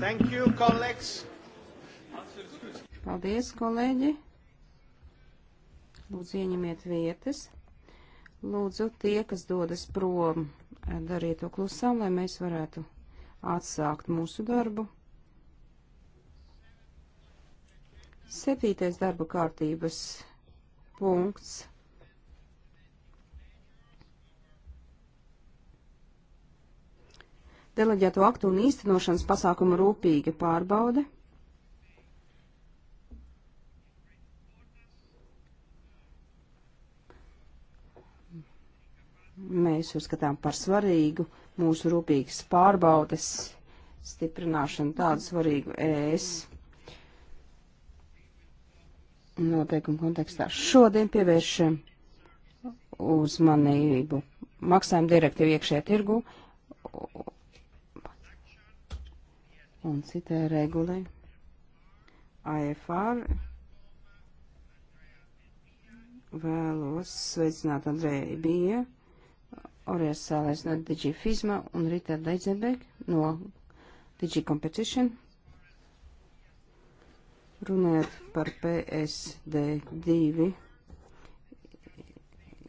Thank you, colleagues. Paldies, kolēģi. Lūdzu, ieņemiet vietas. Lūdzu, tie, kas dodas prom, dariet to klusām, lai mēs varētu atsākt mūsu darbu. Septītais darba kārtības punkts deleģēto aktu un īstenošanas pasākumu rūpīga pārbaude. Mēs uzskatām par svarīgu mūsu rūpīgas pārbaudes stiprināšanu tādu svarīgu ES noteikumu kontekstā. Šodien pievēršam uzmanību maksājumu direktīvu iekšējā tirgu un citai regulai. AFR vēlos sveicināt Andrēju Bija, Orijas Sālēs no Digifizma un Rita Leidzenbeg no Digicompetition. Runājot par PSD 2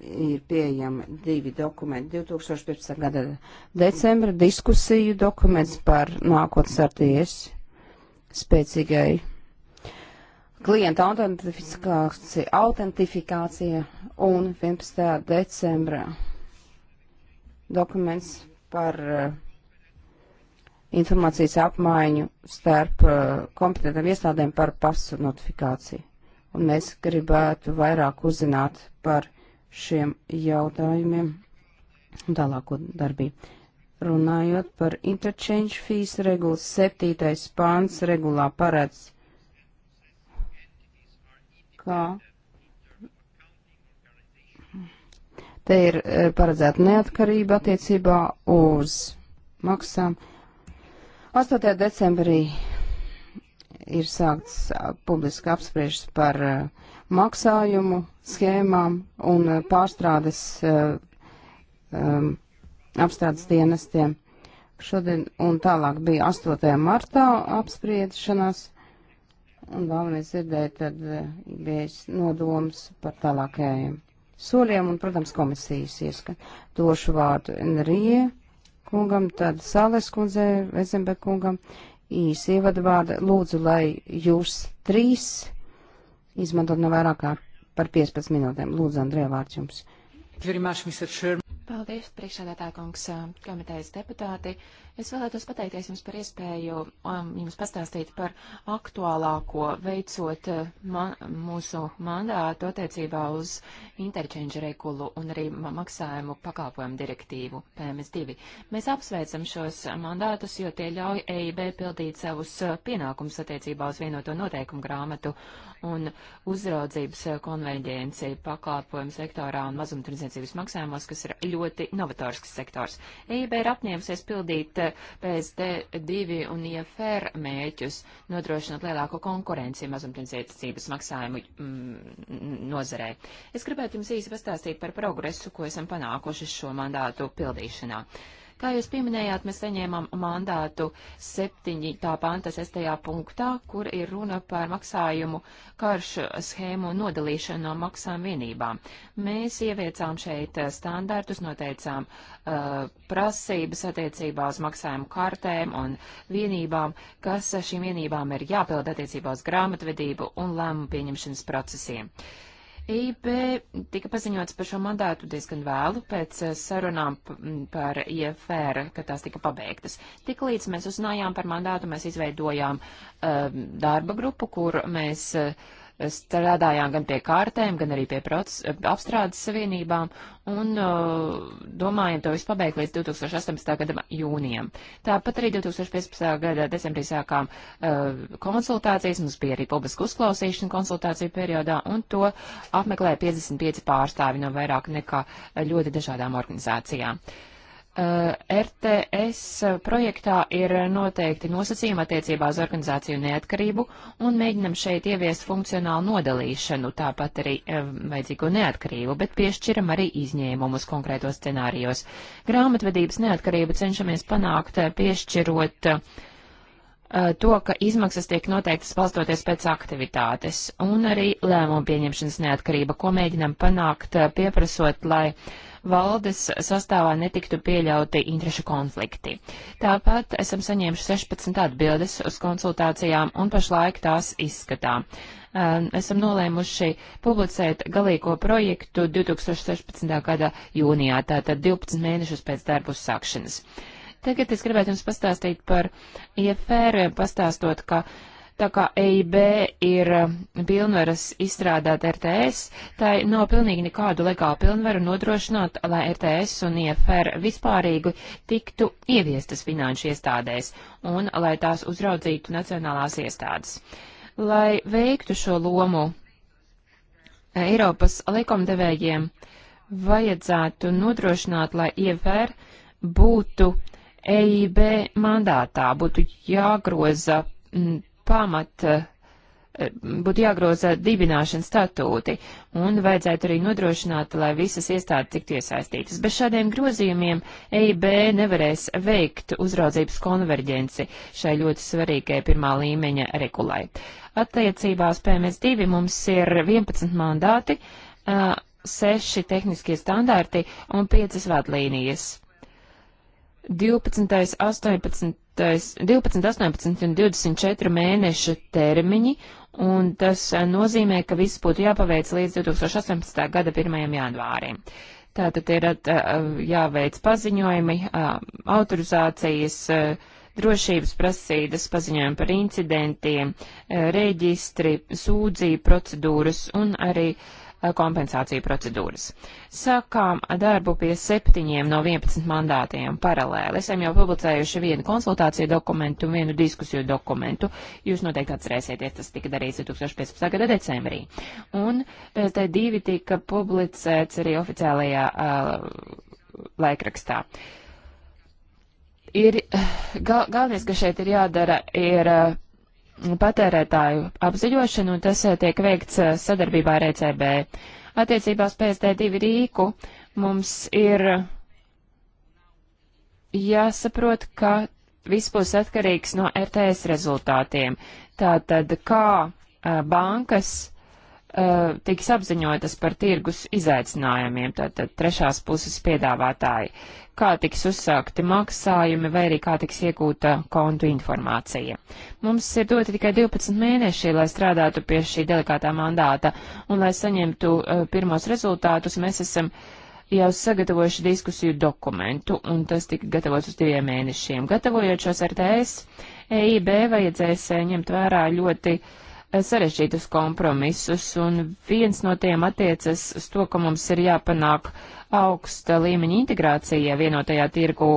ir pieejami divi dokumenti. 2015. gada decembra diskusiju dokuments par nākotnes arties spēcīgai klienta autentifikācija, autentifikācija un 11. decembra dokuments par uh, informācijas apmaiņu starp uh, kompetentiem iestādēm par pasu notifikāciju. Un mēs gribētu vairāk uzzināt par šiem jautājumiem un tālāko darbību. Runājot par interchange fees regulas, septītais pāns regulā paredz, kā te ir e, paredzēta neatkarība attiecībā uz maksām. 8. decembrī ir sākts uh, publiski apspriežas par uh, maksājumu schēmām un uh, pārstrādes um, apstrādes dienestiem. Šodien un tālāk bija 8. martā apspriešanās, un vēlamies dzirdēt, tad bija nodoms par tālākajiem soļiem, un, protams, komisijas ieskat. Došu vārdu Enrija kungam, tad Sāles kundzei, Vezembek kungam. Uh, īsi ievadu vārdu. Lūdzu, lai jūs trīs izmantot no vairāk kā par 15 minūtēm. Lūdzu, Andrē, vārds jums. Paldies, priekšsēdētā kungs, komitejas deputāti. Es vēlētos pateikties jums par iespēju um, jums pastāstīt par aktuālāko veicot uh, man, mūsu mandātu attiecībā uz interchange regulu un arī maksājumu pakalpojumu direktīvu PMS2. Mēs apsveicam šos mandātus, jo tie ļauj EIB pildīt savus uh, pienākumus attiecībā uz vienoto noteikumu grāmatu un uzraudzības uh, konveģenci pakalpojumu sektorā un mazumtirdzniecības maksājumos, kas ir ļoti novatorisks sektors. EIB ir apņēmusies pildīt PSD2 un IFR mēķus, nodrošinot lielāko konkurenci mazumtirdzniecības maksājumu mm, nozarē. Es gribētu jums īsi pastāstīt par progresu, ko esam panākuši šo mandātu pildīšanā. Kā jūs pieminējāt, mēs saņēmām mandātu 7. panta 6. punktā, kur ir runa par maksājumu karšu schēmu nodalīšanu no maksām vienībām. Mēs ieviecām šeit eh, standartus, noteicām uh, prasības attiecībā uz maksājumu kartēm un vienībām, kas šīm vienībām ir jāpild attiecībā uz grāmatvedību un lēmumu pieņemšanas procesiem. Uh, EIB tika paziņots par šo mandātu diezgan vēlu pēc eh, sarunām par IFR, ka tās tika pabeigtas. Tik līdz mēs uzzinājām par mandātu, mēs izveidojām uh, darba grupu, kur mēs uh, strādājām gan pie kārtēm, gan arī pie proces, apstrādes savienībām un uh, domājam to visu pabeigt līdz 2018. gada jūnijam. Tāpat arī 2015. gada decembrī sākām uh, konsultācijas, mums bija arī publiska uzklausīšana konsultāciju periodā un to apmeklēja 55 pārstāvi no vairāk nekā uh, ļoti dažādām organizācijām. Uh, Eh, RTS projektā ir noteikti nosacījumi attiecībā uz organizāciju neatkarību un mēģinam šeit ieviest funkcionālu nodalīšanu, tāpat arī eh, vajadzīgo neatkarību, bet piešķiram arī izņēmumus konkrētos scenārijos. Grāmatvedības neatkarību cenšamies panākt eh, piešķirot to, ka izmaksas tiek noteiktas balstoties pēc aktivitātes, un arī lēmumu pieņemšanas neatkarība, ko mēģinam panākt pieprasot, lai uh, valdes sastāvā netiktu pieļauti interešu konflikti. Tāpat esam saņēmuši 16 atbildes uz konsultācijām un pašlaik tās izskatām. Ehm, esam nolēmuši publicēt galīgo projektu 2016. gada jūnijā, tātad 12 mēnešus pēc darbu sākšanas. Tagad es gribētu jums pastāstīt par IFR, pastāstot, ka uh, Tā kā EIB ir eh, pilnvaras izstrādāt RTS, tai nav pilnīgi nekādu legālu pilnvaru nodrošināt, lai RTS un IFR vispārīgi tiktu ieviestas finanšu iestādēs un lai tās uzraudzītu nacionālās iestādes. Lai veiktu šo lomu Eiropas likumdevējiem, vajadzētu nodrošināt, lai IFR būtu EIB mandātā, būtu jāgroza pamat, eh, būtu jāgroza dibināšanas statūti, un vajadzētu arī nodrošināt, lai visas iestādes tiktu iesaistītas. Bez šādiem grozījumiem EIB nevarēs veikt uzraudzības konverģenci šai ļoti svarīgai pirmā līmeņa regulai. Attiecībās PMS2 mums ir 11 mandāti, 6 eh, tehniskie standarti un 5 vadlīnijas. 12, 18, 12, 18 un 24 mēnešu termiņi, un tas eh, nozīmē, ka viss būtu jāpaveic līdz 2018. gada 1. janvārim. Tātad ir tā, eh, jāveic paziņojumi, eh, autorizācijas, drošības prasības, paziņojumi par incidentiem, reģistri, sūdzību procedūras un arī uh, kompensāciju procedūras. Sākām darbu pie septiņiem no 11 mandātiem paralēli. Esam jau publicējuši vienu konsultāciju dokumentu un vienu diskusiju dokumentu. Jūs noteikti atcerēsieties, tas tika darīts 2015. gada decembrī. Un eh, te divi tika publicēts arī oficiālajā uh, laikrakstā. Ir, eh, gal, galvenais, kas šeit ir jādara, ir uh, patērētāju apziņošanu, un tas eh, tiek veikts eh, sadarbībā ar ECB. Attiecībā uz PSD2 rīku mums ir jāsaprot, ka viss būs atkarīgs no RTS rezultātiem. Tātad, kā eh, bankas uh, tiks apziņotas par tirgus izaicinājumiem, tātad trešās puses piedāvātāji, kā tiks uzsākti maksājumi vai arī kā tiks iegūta kontu informācija. Mums ir doti tikai 12 mēneši, lai strādātu pie šī delikātā mandāta un lai saņemtu uh, pirmos rezultātus, mēs esam jau sagatavojuši diskusiju dokumentu, un tas tika gatavots uz diviem mēnešiem. Gatavojot šos RTS, EIB vajadzēs eh, ņemt vērā ļoti uh, sarežģītus kompromisus, un viens no tiem attiecas uz to, ka mums ir jāpanāk augsta līmeņa integrācija vienotajā tirgū,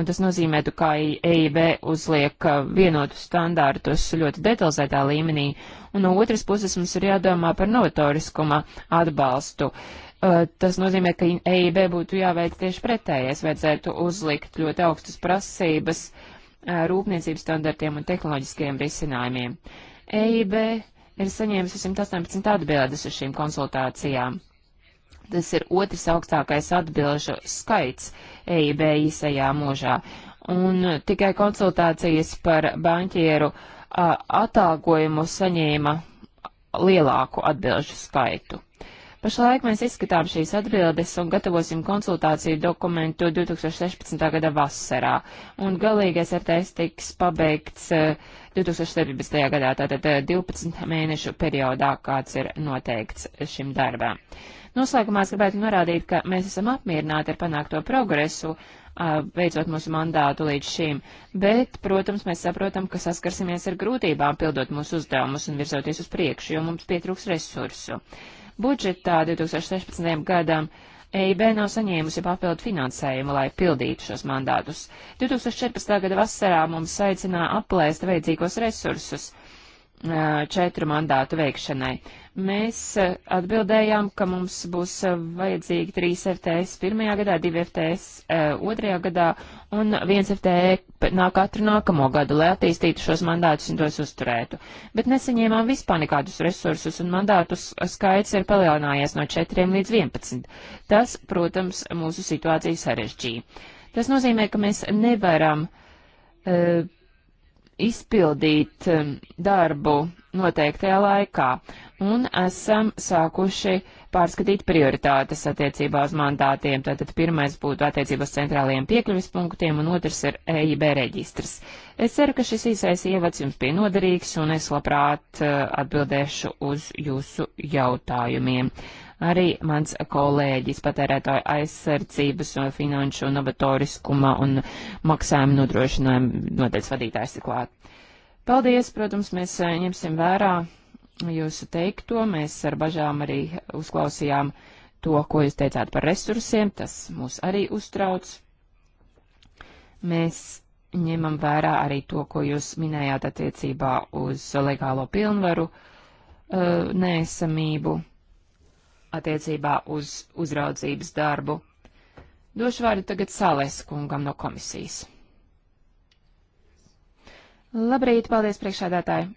un tas nozīmētu, ka EIB uzliek uh, vienotus standārtus ļoti detalizētā līmenī, un no otras puses mums ir jādomā par novatoriskuma atbalstu. Uh, tas nozīmē, ka EIB būtu jāveic tieši pretējais, vajadzētu uzlikt ļoti augstas prasības uh, rūpniecības standartiem un tehnoloģiskajiem risinājumiem. Uh, EIB ir saņēmusi 118 atbildes uz šīm konsultācijām. Tas ir otrs augstākais atbilžu skaits EIB īsajā mūžā. Un tikai konsultācijas par banķieru atalgojumu saņēma lielāku atbilžu skaitu. Pašlaik mēs izskatām šīs atbildes un gatavosim konsultāciju dokumentu 2016. gada vasarā, un galīgais ar tēs tiks pabeigts uh, 2017. gadā, tātad 12 eh, mēnešu periodā, kāds ir noteikts šim darbam. Noslēgumā es gribētu norādīt, ka mēs esam apmierināti ar panākto progresu, veicot mūsu mandātu līdz šim, bet, protams, mēs saprotam, ka saskarsimies ar grūtībām pildot mūsu uzdevumus un virzoties uz priekšu, jo mums pietrūks resursu. Budžetā 2016. gadam EIB nav saņēmusi papildu finansējumu, lai pildītu šos mandātus. 2014. gada vasarā mums aicināja aplēst vajadzīgos resursus, četru mandātu veikšanai. Mēs atbildējām, ka mums būs vajadzīgi trīs FTS pirmajā gadā, divi FTS otrajā gadā un viens FTE nāk katru nākamo gadu, lai attīstītu šos mandātus un tos uzturētu. Bet nesaņēmām vispār nekādus resursus un mandātus skaits ir palielinājies no 4 līdz 11. Tas, protams, mūsu situāciju sarežģīja. Tas nozīmē, ka mēs nevaram uh, izpildīt um, darbu noteiktajā laikā, un esam sākuši pārskatīt prioritātes attiecībā uz mandātiem. Tātad pirmais būtu attiecības centrālajiem piekļuvis punktiem, un otrs ir EIB reģistrs. Es ceru, ka šis īsais ievads jums bija noderīgs, un es labprāt uh, atbildēšu uz jūsu jautājumiem arī mans kolēģis patērētāju aizsardzības eh, un finanšu novatoriskuma un maksājuma nodrošinājuma noteikts vadītājs ir klāt. Paldies, protams, mēs eh, ņemsim vērā jūsu teikto, mēs ar bažām arī uzklausījām to, ko jūs teicāt par resursiem, tas mūs arī uztrauc. Mēs ņemam vērā arī to, ko jūs minējāt attiecībā uz legālo pilnvaru uh, eh, nēsamību attiecībā uz uzraudzības darbu. Došu vārdu tagad Sālēs kungam no komisijas. Labrīt, paldies priekšādātāji!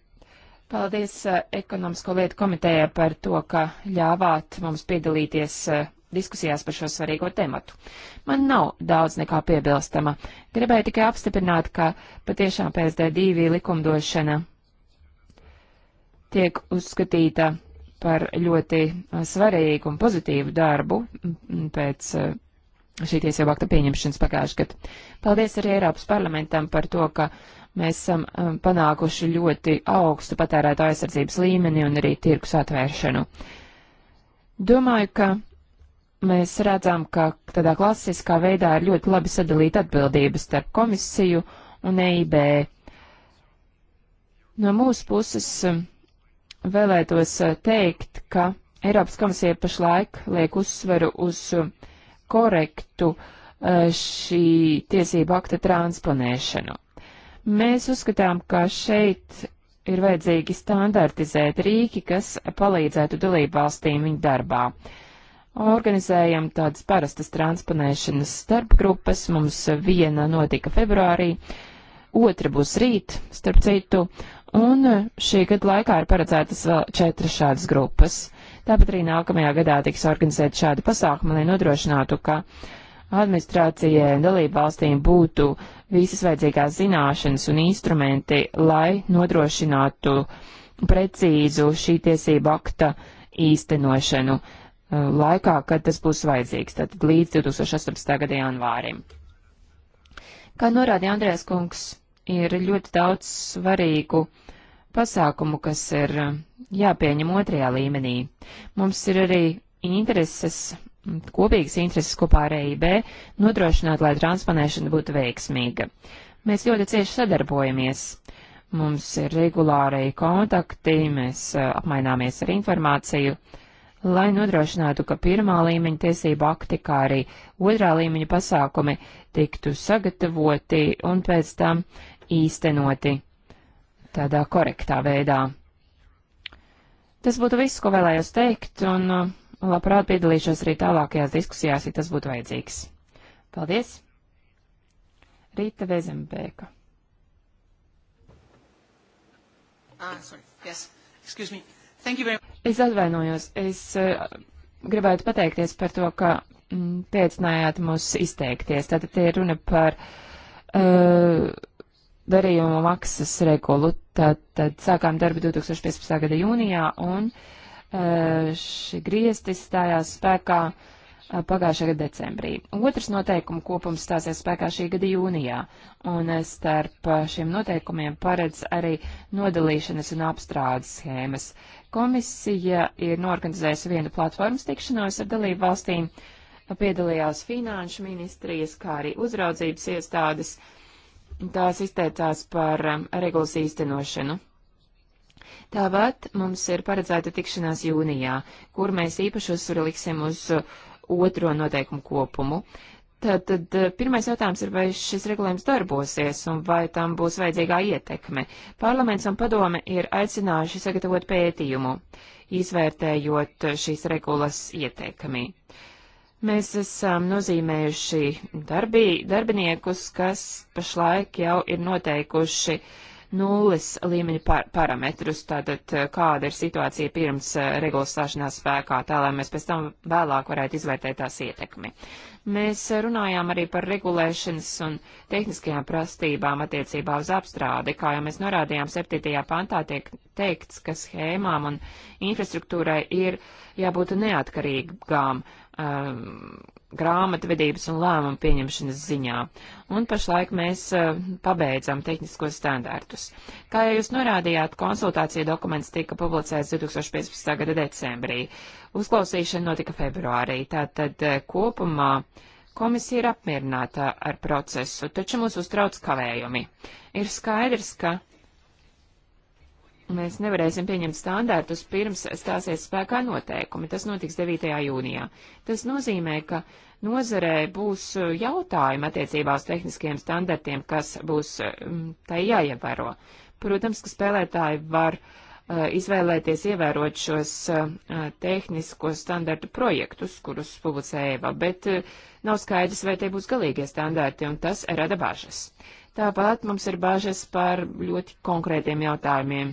Paldies uh, ekonomisko lietu komitējai par to, ka ļāvāt mums piedalīties uh, diskusijās par šo svarīgo tematu. Man nav daudz nekā piebilstama. Gribēju tikai apstiprināt, ka patiešām PSD2 likumdošana tiek uzskatīta par ļoti uh, svarīgu un pozitīvu darbu pēc uh, šī tiesību akta pieņemšanas pagājušajā gadā. Paldies arī Eiropas parlamentam par to, ka mēs esam um, panākuši ļoti augstu patērēto aizsardzības līmeni un arī tirkus atvēršanu. Domāju, ka mēs redzam, ka tādā klasiskā veidā ir ļoti labi sadalīta atbildības starp komisiju un EIB. No mūsu puses um, vēlētos eh, teikt, ka Eiropas komisija pašlaik liek uzsveru uz eh, korektu eh, šī tiesību akta transponēšanu. Mēs uzskatām, ka šeit ir vajadzīgi standartizēt rīki, kas palīdzētu dalībvalstīm viņu darbā. Organizējam tādas parastas transponēšanas starpgrupas, mums viena notika februārī, otra būs rīt, starp citu, Un eh, šī gada laikā ir paredzētas vēl četras šādas grupas. Tāpat arī nākamajā gadā tiks organizēta šāda pasākuma, lai nodrošinātu, ka administrācijai un dalību valstīm būtu visas vajadzīgās zināšanas un instrumenti, lai nodrošinātu precīzu šī tiesību akta īstenošanu eh, laikā, kad tas būs vajadzīgs, tātad līdz 2018. gada janvārim. Kā norādīja Andrēs Kungs, ir ļoti daudz svarīgu pasākumu, kas ir uh, jāpieņem otrajā līmenī. Mums ir arī intereses, mm, kopīgas intereses kopā ar EIB nodrošināt, lai transponēšana būtu veiksmīga. Mēs ļoti cieši sadarbojamies. Mums ir regulārai kontakti, mēs uh, apmaināmies ar informāciju, lai nodrošinātu, ka pirmā līmeņa tiesība akti, kā arī otrā līmeņa pasākumi tiktu sagatavoti un pēc tam uh, īstenoti tādā korektā veidā. Tas būtu viss, ko vēlējos teikt, un uh, labprāt piedalīšos arī tālākajās diskusijās, ja tas būtu vajadzīgs. Paldies! Rīta Vezembēka. Ah, yes. Es atvainojos. Es uh, gribētu pateikties par to, ka mm, piecinājāt mūs izteikties. Tātad te ir runa par uh, darījumu maksas regulu. Tad, tad sākām darbu 2015. gada jūnijā, un eh, šī griezti stājās spēkā eh, pagājušā gada decembrī. Otrs noteikumu kopums stāsies spēkā šī gada jūnijā, un eh, starp šiem noteikumiem paredz arī nodalīšanas un apstrādes schēmas. Komisija ir norganizējusi vienu platformas tikšanos ar dalību valstīm, piedalījās finanšu ministrijas, kā arī uzraudzības iestādes, uh, tās izteicās par um, regulas īstenošanu. Tāpat mums ir paredzēta tikšanās jūnijā, kur mēs īpaši uzsvaru liksim uz uh, otro noteikumu kopumu. Tātad uh, pirmais jautājums ir, vai šis regulējums darbosies un vai tam būs vajadzīgā ietekme. Parlaments un padome ir aicinājuši sagatavot pētījumu, izvērtējot uh, šīs regulas ietekmi. Uh, Mēs esam nozīmējuši darbī, darbiniekus, kas pašlaik jau ir noteikuši nulles līmeņa par parametrus, tātad eh, kāda ir situācija pirms eh, regulas stāšanās spēkā, tā lai mēs pēc tam vēlāk varētu izvērtēt tās ietekmi. Mēs eh, runājām arī par regulēšanas un tehniskajām prastībām attiecībā uz apstrādi, kā jau mēs norādījām 7. pantā tiek teikts, ka schēmām un infrastruktūrai ir jābūt neatkarīgām um, grāmatvedības un lēmumu pieņemšanas ziņā, un pašlaik mēs uh, pabeidzam tehniskos standārtus. Kā jau jūs norādījāt, konsultācija dokuments tika publicēts 2015. gada decembrī, uzklausīšana notika februārī, tātad uh, kopumā komisija ir apmierināta ar procesu, taču mūs uztrauc kavējumi. Ir skaidrs, ka mēs nevarēsim pieņemt standārtus pirms stāsies spēkā noteikumi. Tas notiks 9. jūnijā. Tas nozīmē, ka nozarē būs uh, jautājumi attiecībā uz tehniskiem standartiem, kas būs um, tai jāievēro. Protams, ka spēlētāji var uh, izvēlēties ievērot šos uh, tehnisko standartu projektus, kurus publicē Eva, bet uh, nav skaidrs, vai tie būs galīgie standarti, un tas rada bažas. Tāpat mums ir bažas par ļoti konkrētiem jautājumiem.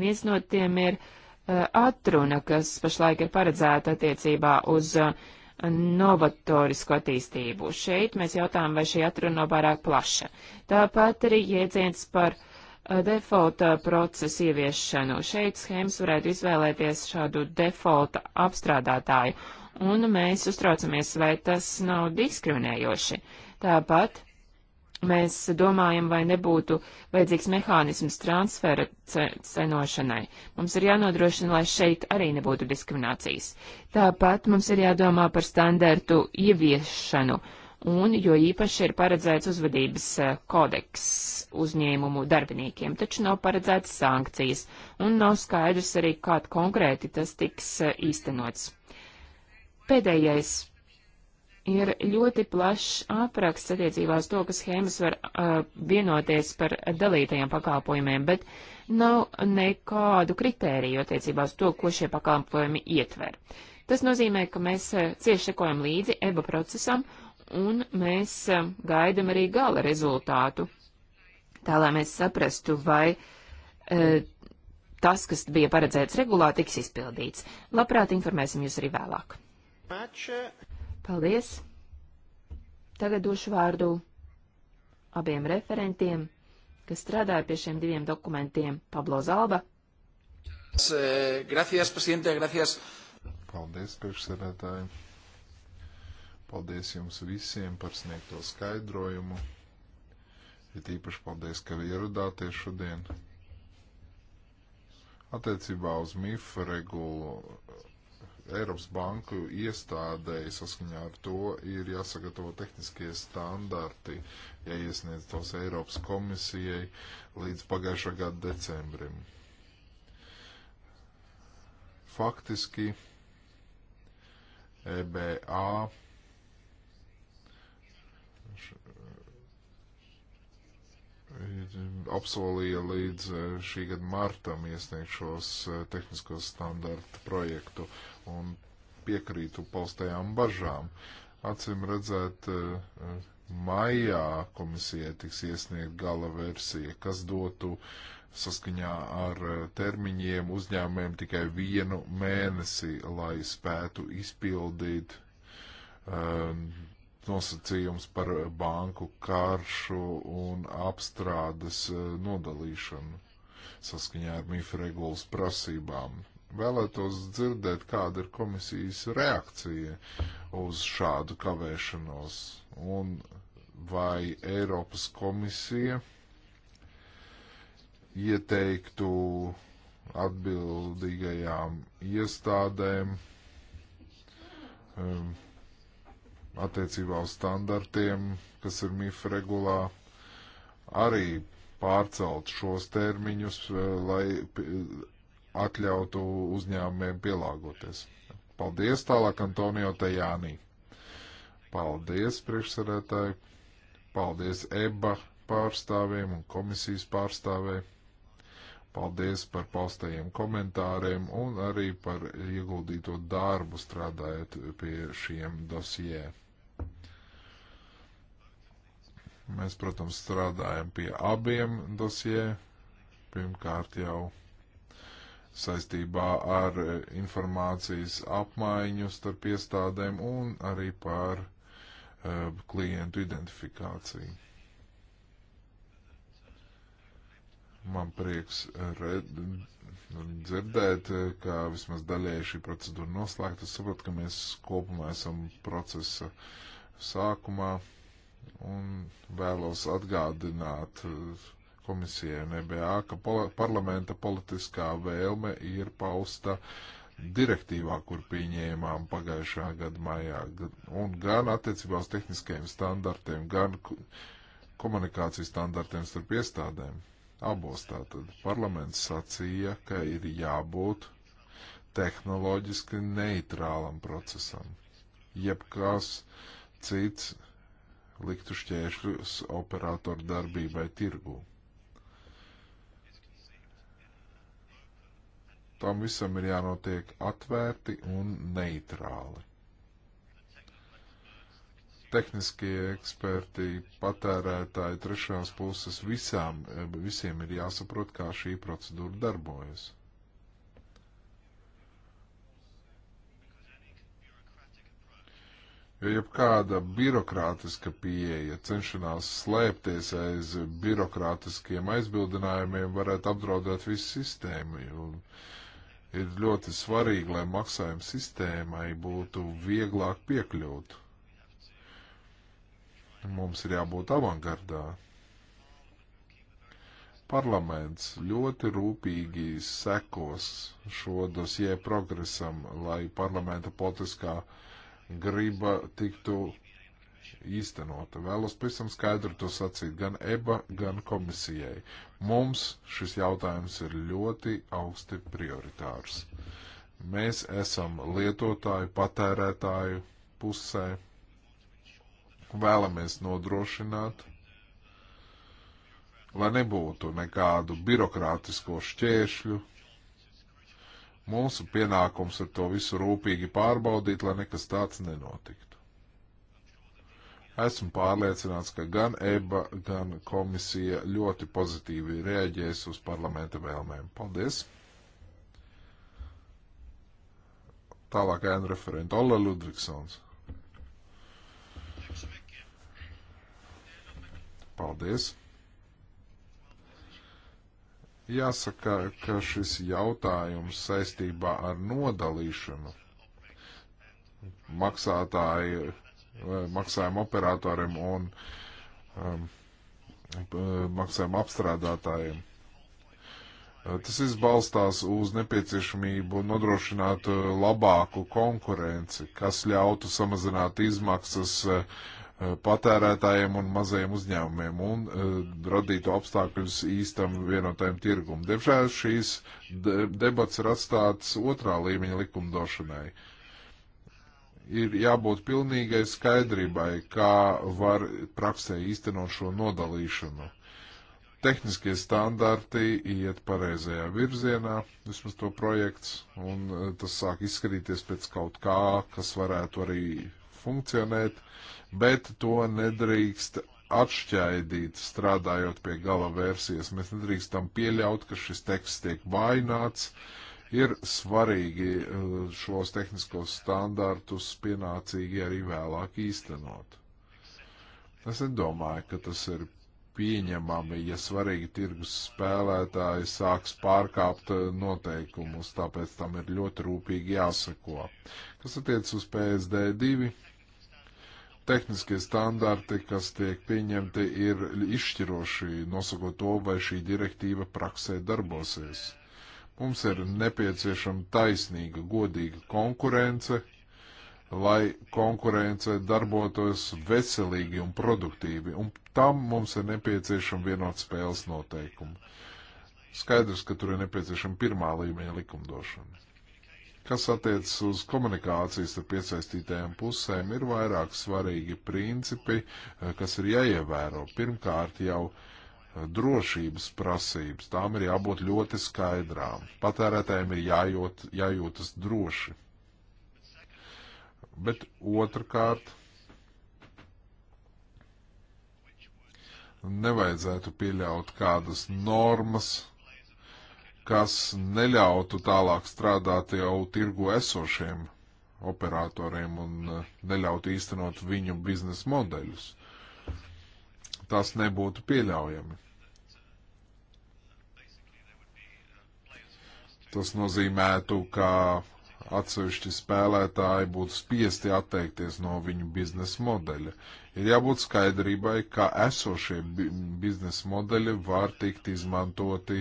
Viens no tiem ir uh, atruna, kas pašlaik ir paredzēta attiecībā uz uh, eh, novatorisku attīstību. Šeit mēs jautājam, vai šī atruna nav pārāk plaša. Tāpat arī jēdziens par uh, eh, defaulta procesu ieviešanu. Šeit schēmas varētu izvēlēties šādu defaulta apstrādātāju, un mēs uztraucamies, vai tas nav diskriminējoši. Tāpat Mēs domājam, vai nebūtu vajadzīgs mehānisms transfera cenošanai. Mums ir jānodrošina, lai šeit arī nebūtu diskriminācijas. Tāpat mums ir jādomā par standartu ieviešanu, un jo īpaši ir paredzēts uzvedības eh, kodeks uzņēmumu darbiniekiem, taču nav paredzēts sankcijas, un nav skaidrs arī, kā konkrēti tas tiks eh, īstenots. Pēdējais ir ļoti plašs apraksts attiecībā uz to, ka schēmas var uh, vienoties par dalītajiem pakalpojumiem, bet nav nekādu kritēriju attiecībā uz to, ko šie pakalpojumi ietver. Tas nozīmē, ka mēs uh, cieši sekojam līdzi EBA procesam un mēs uh, gaidam arī gala rezultātu, tā lai mēs saprastu, vai uh, tas, kas bija paredzēts regulā, tiks izpildīts. Labprāt informēsim jūs arī vēlāk. Mača. Paldies! Tagad došu vārdu abiem referentiem, kas strādāja pie šiem diviem dokumentiem. Pablo Zalba. Eh, gracias, presidente, gracias. Paldies, priekšsēdētāji. Paldies jums visiem par sniegto skaidrojumu. Ir īpaši paldies, ka ieradāties šodien. Attiecībā uz MIF regulu Eiropas banku iestādēji saskaņā ar to ir jāsagatavo tehniskie standarti, ja iesniedz tos Eiropas komisijai līdz pagājušā gada decembrim. Faktiski EBA apsolīja līdz eh, šī gada martam iesniegšos eh, tehniskos standartu projektu. Uh, un piekrītu paustajām bažām. Acim redzēt, eh, maijā komisijai tiks iesniegt gala versija, kas dotu saskaņā ar eh, termiņiem uzņēmumiem tikai vienu mēnesi, lai spētu izpildīt um, nosacījums par banku karšu un apstrādes nodalīšanu saskaņā ar MIF regulas prasībām. Vēlētos dzirdēt, kāda ir komisijas reakcija uz šādu kavēšanos un vai Eiropas komisija ieteiktu atbildīgajām iestādēm um, attiecībā uz standartiem, kas ir MIF regulā, arī pārcelt šos termiņus, eh, lai atļautu uzņēmumiem pielāgoties. Paldies tālāk Antonio Tajānī. Paldies priekšsarētāji, paldies EBA pārstāvjiem un komisijas pārstāvjiem. Paldies par paustajiem komentāriem un arī par ieguldīto darbu strādājot pie šiem dosijē. Mēs, protams, strādājam pie abiem dosijē. Pirmkārt jau saistībā ar e, informācijas apmaiņu starp iestādēm un arī par uh, klientu identifikāciju. Man prieks e, red, nu, dzirdēt, ka vismaz daļēji šī procedūra noslēgta. Es saprotu, ka mēs kopumā esam procesa sākumā un vēlos atgādināt uh, komisijai un EBA, ka pol parlamenta politiskā vēlme ir pausta direktīvā, kur pieņēmām pagājušā gada maijā, un gan attiecībā uz tehniskajiem standartiem, gan komunikācijas standartiem starp iestādēm. Abos tātad parlaments sacīja, ka ir jābūt tehnoloģiski neitrālam procesam. Jebkas cits liktu šķēršļus operātoru darbībai tirgū. Tam visam ir jānotiek atvērti un neitrāli. Tehniskie eksperti, patērētāji, trešās puses visām, visiem ir jāsaprot, kā šī procedūra darbojas. Jo jebkāda birokrātiska pieeja, cenšanās slēpties aiz birokrātiskiem aizbildinājumiem, varētu apdraudēt visu sistēmu. Un, uh, ir ļoti svarīgi, lai maksājuma sistēmai būtu vieglāk piekļūt. Mums ir jābūt avangardā. Parlaments ļoti rūpīgi sekos šo dosie progresam, lai parlamenta politiskā griba tiktu īstenota. Vēlos pavisam skaidri to sacīt gan EBA, gan komisijai. Mums šis jautājums ir ļoti augsti prioritārs. Mēs esam lietotāju, patērētāju pusē. Vēlamies nodrošināt, lai nebūtu nekādu birokrātisko šķēršļu, Mūsu pienākums ir to visu rūpīgi pārbaudīt, lai nekas tāds nenotiktu. Esmu pārliecināts, ka gan EBA, gan komisija ļoti pozitīvi reaģēs uz parlamenta vēlmēm. Paldies! Tālāk ēnu referenta Ola Ludvigsons. Paldies! Jāsaka, ka šis jautājums saistībā ar nodalīšanu maksātāju maksājuma operatoriem un um, um maksājuma apstrādātājiem. Uh, tas viss balstās uz nepieciešamību nodrošināt uh, labāku konkurenci, kas ļautu samazināt izmaksas uh, patērētājiem un mazajiem uzņēmumiem un radītu apstākļus īstam vienotajam tirgumam. Diemžēl šīs debats ir atstāts otrā līmeņa likumdošanai. Uh, ir jābūt pilnīgai skaidrībai, kā var praksē īstenot šo nodalīšanu. Tehniskie standarti iet pareizajā virzienā, vismaz to projekts, un eh, tas sāk izskatīties pēc kaut kā, kas varētu arī funkcionēt, bet to nedrīkst atšķaidīt, strādājot pie gala versijas. Mēs nedrīkstam pieļaut, ka šis teksts tiek vaināts, uh, Ir svarīgi uh, šos tehniskos standartus pienācīgi arī vēlāk īstenot. Es nedomāju, ka tas ir pieņemami, ja svarīgi tirgus spēlētāji sāks pārkāpt uh, noteikumus, tāpēc tam ir ļoti rūpīgi jāsako. Kas attiec uz PSD2, tehniskie standarti, kas tiek pieņemti, ir izšķiroši nosakot to, vai šī direktīva praksē darbosies. Mums ir nepieciešama taisnīga, godīga konkurence, lai konkurence darbotos veselīgi un produktīvi, un tam mums ir nepieciešama vienot spēles noteikumi. Skaidrs, ka tur ir nepieciešama pirmā līmeņa likumdošana. Kas attiecas uz komunikācijas ar piesaistītajām pusēm, ir vairāk svarīgi principi, eh, kas ir jāievēro. Pirmkārt jau uh, drošības prasības, tām ir jābūt ļoti skaidrām. Patērētājiem ir jājūt, jājūtas droši. Bet otrkārt, nevajadzētu pieļaut kādas normas, kas neļautu tālāk strādāt jau tirgu esošiem operatoriem un eh, neļautu īstenot viņu biznesa modeļus. Tas nebūtu pieļaujami. Tas nozīmētu, ka atsevišķi spēlētāji būtu spiesti atteikties no viņu biznesa modeļa. Ir jābūt skaidrībai, ka esošie bi biznesa modeļi var tikt izmantoti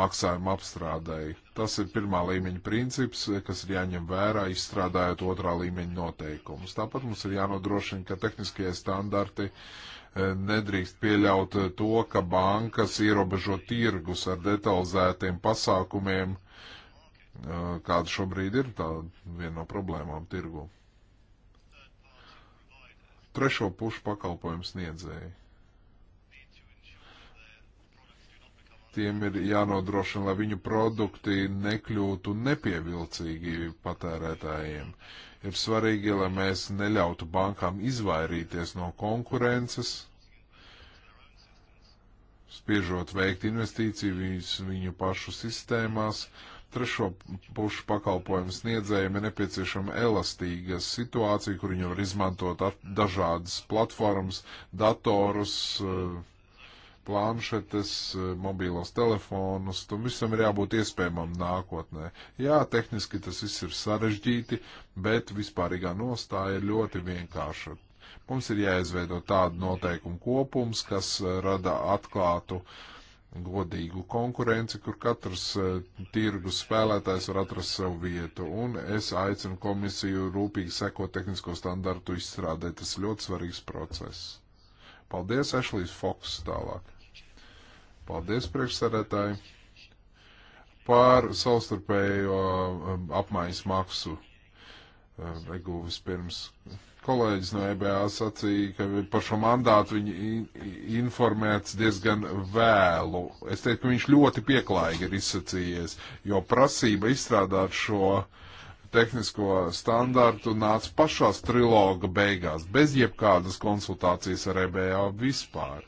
maksājuma apstrādēji. Tas ir pirmā līmeņa princips, kas ir jāņem vērā, izstrādājot otrā līmeņa noteikumus. Tāpat mums ir jānodrošina, ka tehniskie standarti eh, nedrīkst pieļaut to, ka bankas ierobežo tirgus ar detalizētiem pasākumiem, kāda šobrīd ir tā viena no problēmām tirgu. Trešo pušu pakalpojumu sniedzēji. Tiem ir jānodrošina, lai viņu produkti nekļūtu nepievilcīgi patērētājiem. Ir svarīgi, lai mēs neļautu bankām izvairīties no konkurences, spiežot veikt investīciju viņu pašu sistēmās, uh, trešo pušu pakalpojumu sniedzējiem ir nepieciešama elastīga situācija, kur viņi var izmantot dažādas platformas, datorus, eh, planšetes, eh, mobīlos telefonus. Tam visam ir jābūt iespējamam nākotnē. Jā, tehniski tas viss ir sarežģīti, bet vispārīgā nostāja ir ļoti vienkārša. Mums ir jāizveido tādu noteikumu kopums, kas eh, rada atklātu uh, godīgu konkurenci, kur katrs e, tirgus spēlētājs var atrast savu vietu. Un es aicinu komisiju rūpīgi sekot tehnisko standartu izstrādē. Tas ir ļoti svarīgs process. Paldies, Ešlijs Foks, tālāk. Paldies, priekšsarētāji, par savstarpējo e, apmaiņas maksu. Regūvis e, pirms Kolēģis no EBA sacīja, ka par šo mandātu viņi informēts diezgan vēlu. Es teiktu, ka viņš ļoti pieklājīgi ir izsacījies, jo prasība izstrādāt šo tehnisko standartu nāca pašās triloga beigās, bez jebkādas konsultācijas ar EBA vispār.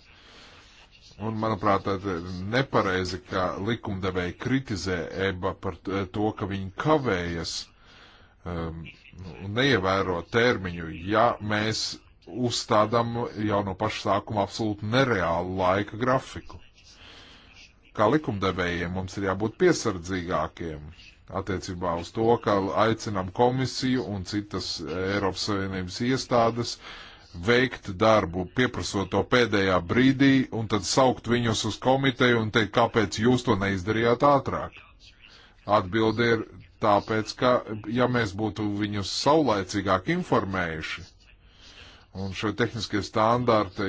Un, manuprāt, ir nepareizi, ka likumdevēji kritizē EBA par to, ka viņi kavējas um, neievēro termiņu, ja mēs uzstādām jau no paša sākuma absolūti nereālu laika grafiku. Kā likumdevējiem mums ir jābūt piesardzīgākiem attiecībā uz to, ka aicinām komisiju un citas Eiropas Savienības iestādes veikt darbu, pieprasot to pēdējā brīdī un tad saukt viņus uz komiteju un teikt, kāpēc jūs to neizdarījāt ātrāk. Atbilde ir Tāpēc, ka ja mēs būtu viņus saulēcīgāk informējuši, un šie tehniskie standarti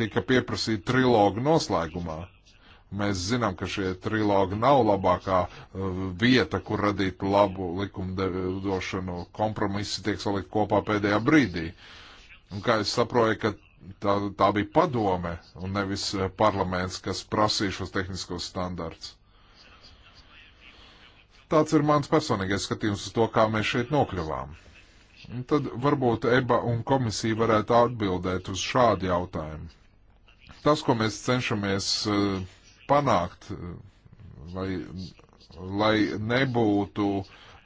tika pieprasīti trilogu noslēgumā, mēs zinām, ka šie trilogi nav labākā uh, vieta, kur radīt labu likumdošanu, kompromisi tiek salikt kopā pēdējā brīdī. Un kā es saprotu, ka tā, tā bija padome un nevis uh, parlaments, kas prasīja šos tehniskos standarts. Tāds ir mans personīgais skatījums uz to, kā mēs šeit nokļuvām. Un tad varbūt EBA un komisija varētu atbildēt uz šādu jautājumu. Tas, ko mēs cenšamies eh, panākt, eh, lai, lai nebūtu eh,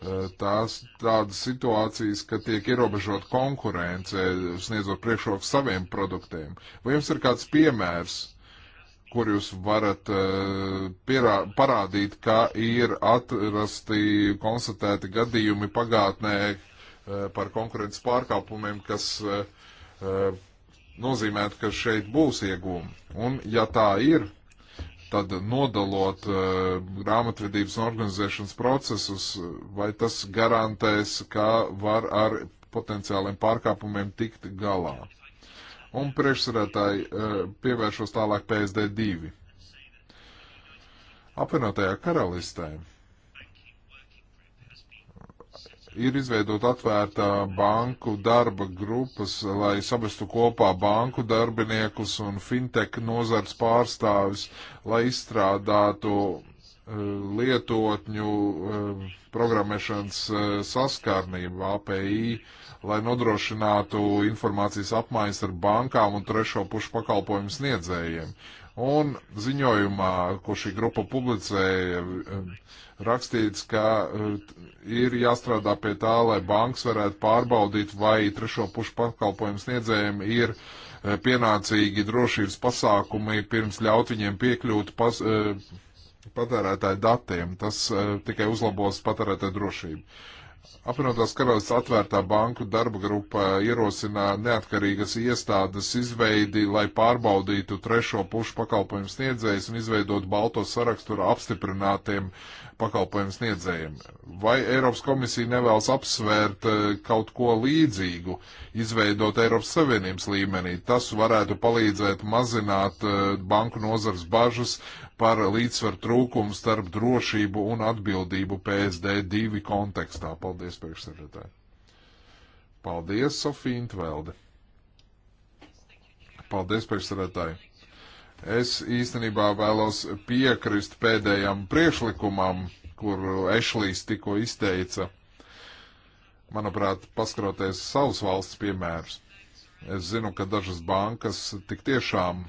tās tādas situācijas, ka tiek ierobežot konkurence, sniedzot priekšroku saviem produktiem. Vai jums ir kāds piemērs, kur jūs varat uh, pierā, parādīt, ka ir atrasti konstatēti gadījumi pagātnē uh, par konkurences pārkāpumiem, kas uh, nozīmētu, ka šeit būs iegūmi. Un ja tā ir, tad nodalot grāmatvedības un organizēšanas procesus, vai tas garantēs, ka var ar potenciāliem pārkāpumiem tikt galā? Un priekšsarētāji eh, pievēršos tālāk PSD 2. Apvienotajā karalistē ir izveidota atvērtā banku darba grupas, lai savestu kopā banku darbiniekus un fintech nozars pārstāvis, lai izstrādātu uh, lietotņu uh, programmēšanas uh, saskārnību API uh, lai nodrošinātu informācijas apmaiņas ar bankām un trešo pušu pakalpojumu sniedzējiem. Un ziņojumā, ko šī grupa publicēja, eh, rakstīts, ka eh, ir jāstrādā pie tā, lai banks varētu pārbaudīt, vai trešo pušu pakalpojumu sniedzējiem ir eh, pienācīgi drošības pasākumi pirms ļaut viņiem piekļūt pas, patērētāju datiem. Tas tikai uzlabos patērētāju drošību. Apvienotās karalists atvērtā banku darba grupā ierosinā neatkarīgas iestādes izveidi, lai pārbaudītu trešo pušu pakalpojumu sniedzējus un izveidot balto sarakstu ar apstiprinātiem pakalpojumu sniedzējiem. Vai Eiropas komisija nevēlas apsvērt eh, kaut ko līdzīgu, izveidot Eiropas Savienības līmenī? Tas varētu palīdzēt mazināt eh, banku nozars bažas par līdzsvaru trūkumu starp drošību un atbildību PSD2 kontekstā. Paldies, priekšsēdētāji. Paldies, Sofija Intvelde. Paldies, priekšsēdētāji. Es īstenībā vēlos piekrist pēdējam priekšlikumam, kuru Ešlijs tikko izteica. Manuprāt, paskroties savus valsts piemērus, es zinu, ka dažas bankas tik tiešām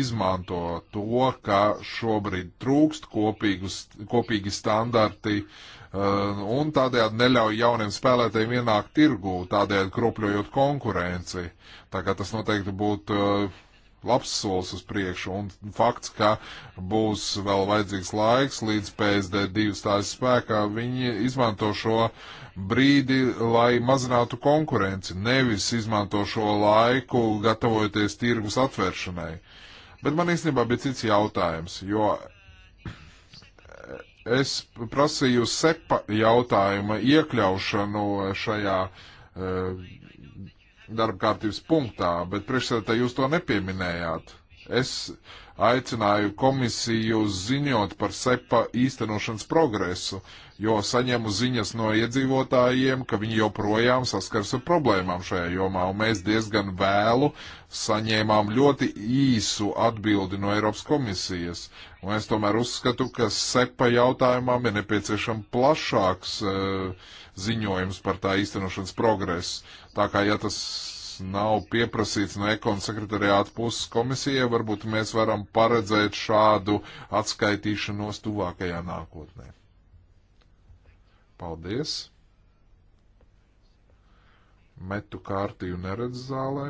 izmanto to, ka šobrīd trūkst kopīgus, kopīgi standarti uh, un tādējādi neļauj jauniem spēlētājiem ienākt tirgū, tādējādi kropļojot konkurenci. Tā kā tas noteikti būtu uh, labs solis uz priekšu, un fakts, ka būs vēl vajadzīgs laiks līdz PSD divi stājas spēkā, viņi izmanto šo brīdi, lai mazinātu konkurenci, nevis izmanto šo laiku, gatavojoties tirgus atvēršanai. Bet man īstenībā bija cits jautājums, jo es prasīju sepa jautājuma iekļaušanu šajā uh, darba kārtības punktā, bet priekšsēdētā jūs to nepieminējāt. Es aicināju komisiju ziņot par SEPA īstenošanas progresu, jo saņemu ziņas no iedzīvotājiem, ka viņi joprojām saskars ar problēmām šajā jomā, un mēs diezgan vēlu saņēmām ļoti īsu atbildi no Eiropas komisijas. Un es tomēr uzskatu, ka SEPA jautājumam ir nepieciešama plašāks uh, ziņojums par tā īstenošanas progresu Tā kā, ja tas nav pieprasīts no ekonomikas sekretariāta puses komisijai, varbūt mēs varam paredzēt šādu atskaitīšanos tuvākajā nākotnē. Paldies! Metu kārtīju neredz zālē.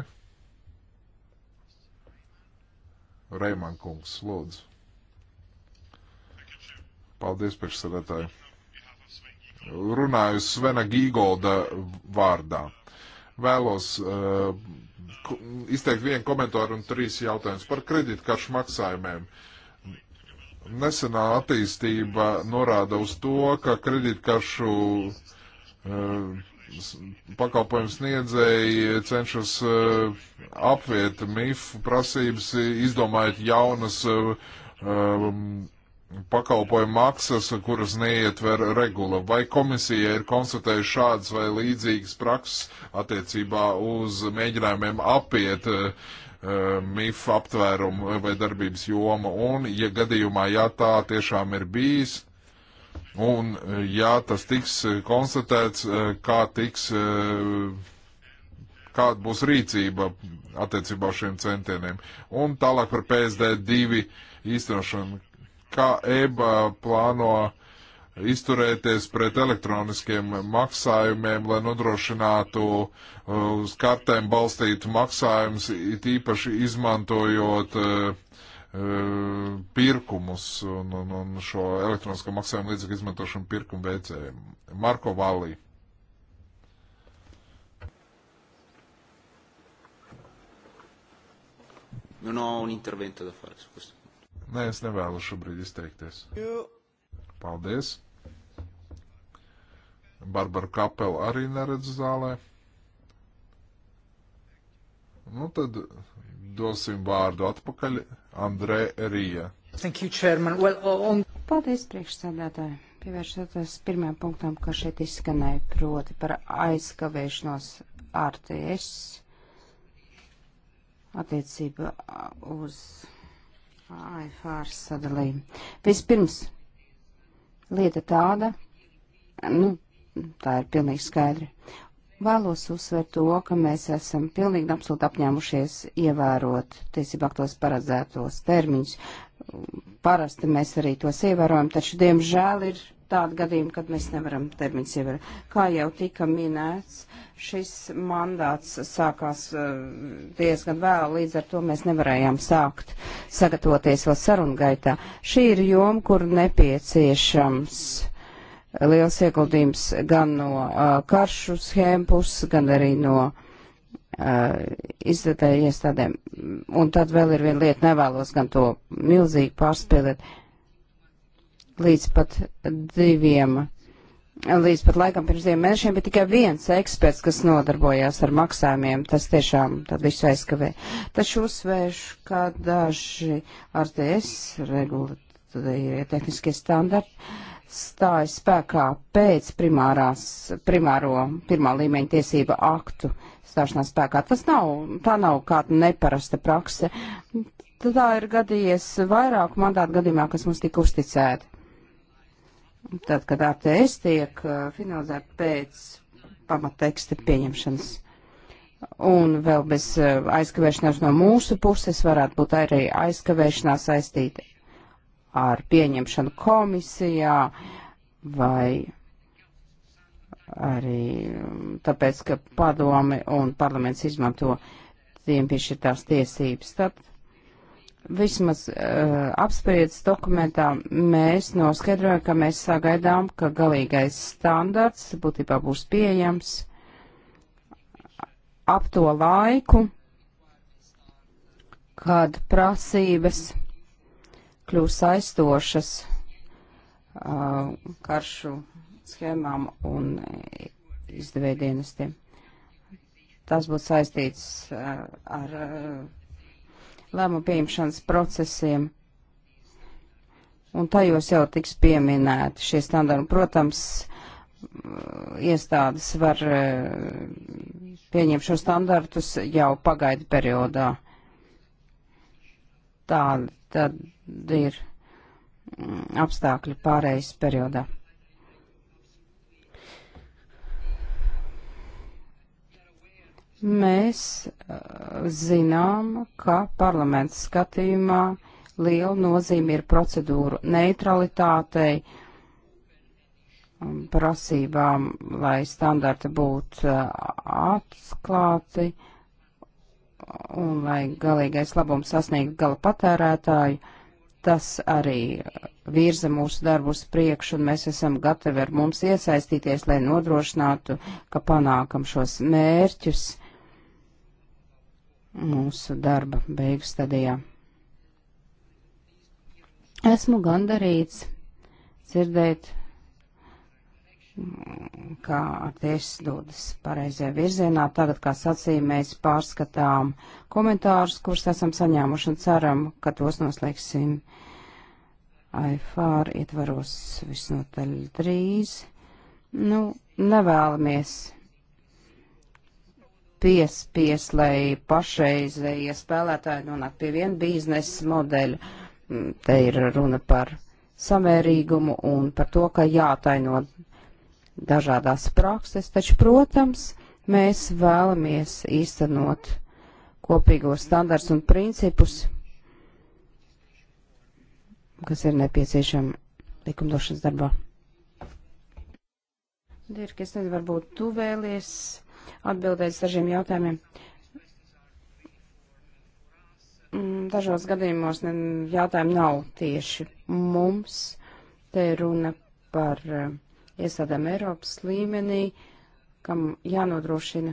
Reiman kungs, lūdzu. Paldies, priekšsēdētāji. Runāju Svena Gīgolda vārdā. Vēlos uh, izteikt vienu komentāru un trīs jautājumus par kredītkaršu maksājumiem. Nesenā attīstība norāda uz to, ka kredītkaršu uh, pakalpojumu sniedzēji cenšas uh, apviet MIF prasības, izdomājot jaunas uh, um, pakalpojumu maksas, kuras neietver regula. Vai komisija ir konstatējusi šādas vai līdzīgas prakses attiecībā uz mēģinājumiem apiet uh, MIF aptvērumu vai darbības jomu? Un, ja gadījumā, ja tā tiešām ir bijis, un eh, ja tas tiks eh, konstatēts, kā tiks, uh, kāda būs rīcība attiecībā uz šiem centieniem. Un tālāk par PSD 2 īstenošanu kā EBA plāno izturēties pret elektroniskiem maksājumiem, lai nodrošinātu uh, uz kartēm balstītu maksājumus, it īpaši izmantojot uh, uh, pirkumus un, un, un šo elektronisko maksājumu līdzekļu izmantošanu pirkumu veicējiem. Marko Valī. Non nu, nu ho un intervento da fare su questo. Nē, es nevēlu šobrīd izteikties. Paldies. Barbara Kapela arī neredz zālē. Nu, tad dosim vārdu atpakaļ Andrē Rija. Thank you, Chairman. Well, on... Paldies, priekšsēdētāji. Pievēršoties pirmajam punktam, kas šeit izskanēja, proti par aizkavēšanos RTS attiecībā uz AFR sadalījumu. Vispirms lieta tāda, nu, tā ir pilnīgi skaidri. Vēlos uzsvērt to, ka mēs esam pilnīgi absolūti apņēmušies ievērot tiesību aktos paredzētos termiņus. Parasti mēs arī tos ievērojam, taču, diemžēl, ir tādi gadījumi, kad mēs nevaram termiņus ievērot. Kā jau tika minēts, šis mandāts sākās uh, diezgan vēl, līdz ar to mēs nevarējām sākt sagatavoties vēl sarunu gaitā. Šī ir joma, kur nepieciešams liels ieguldījums gan no uh, karšu schēmu puses, gan arī no uh, izvērtēju iestādēm. Un tad vēl ir viena lieta, nevēlos gan to milzīgi pārspēlēt līdz pat diviem, līdz pat laikam pirms diviem mēnešiem bija tikai viens eksperts, kas nodarbojās ar maksājumiem. Tas tiešām tad visu aizskavē. Taču uzsvēršu, ka daži RTS regulatīvie tehniskie standarti stājas spēkā pēc primārās, primāro pirmā līmeņa tiesība aktu stāšanās spēkā. Tas nav, tā nav kāda neparasta prakse. Tā ir gadījies vairāku mandātu gadījumā, kas mums tika uzticēti tad, kad RTS tiek uh, finalizēta pēc pamatteksta pieņemšanas. Un vēl bez uh, aizkavēšanās no mūsu puses varētu būt arī aizkavēšanās saistīta ar pieņemšanu komisijā vai arī um, tāpēc, ka padomi un parlaments izmanto tiem piešķirtās tiesības. Tad vismaz uh, eh, apspriedas dokumentā mēs noskaidrojam, ka mēs sagaidām, ka galīgais standarts būtībā būs pieejams ap to laiku, kad prasības kļūs aizstošas uh, karšu schēmām un izdevējdienestiem. Tas būtu saistīts uh, ar. Uh, lēmumu pieņemšanas procesiem. Un tajos jau tiks pieminēti šie standarti. Protams, eh, iestādes var eh, pieņemt šo standartus jau pagaidu periodā. Tā tad ir mm, apstākļi pārējais periodā. Mēs uh, zinām, ka parlaments skatījumā liela nozīme ir procedūru neutralitātei, prasībām, lai standarti būtu uh, atklāti un lai galīgais labums sasniegtu gala patērētāju. Tas arī virza mūsu darbu uz priekšu, un mēs esam gatavi ar mums iesaistīties, lai nodrošinātu, ka panākam šos mērķus mūsu darba beigu stadijā. Esmu gandarīts dzirdēt, kā ar tieši dodas pareizajā virzienā. Tagad, kā sacīja, mēs pārskatām komentārus, kurus esam saņēmuši un ceram, ka tos noslēgsim AFR ietvaros visnotaļ drīz. Nu, nevēlamies piespies, lai pašreizējie spēlētāji nonāk pie viena biznesa modeļa. Mm, Te ir runa par samērīgumu un par to, ka jātaino dažādās prakses, taču, protams, mēs vēlamies īstenot kopīgos standarts un principus, kas ir nepieciešami likumdošanas darbā. Dirk, es nezinu, varbūt tu vēlies atbildēs dažiem jautājumiem. Mm, dažos gadījumos jautājumi nav tieši mums. Te runa par eh, iestādēm Eiropas līmenī, kam jānodrošina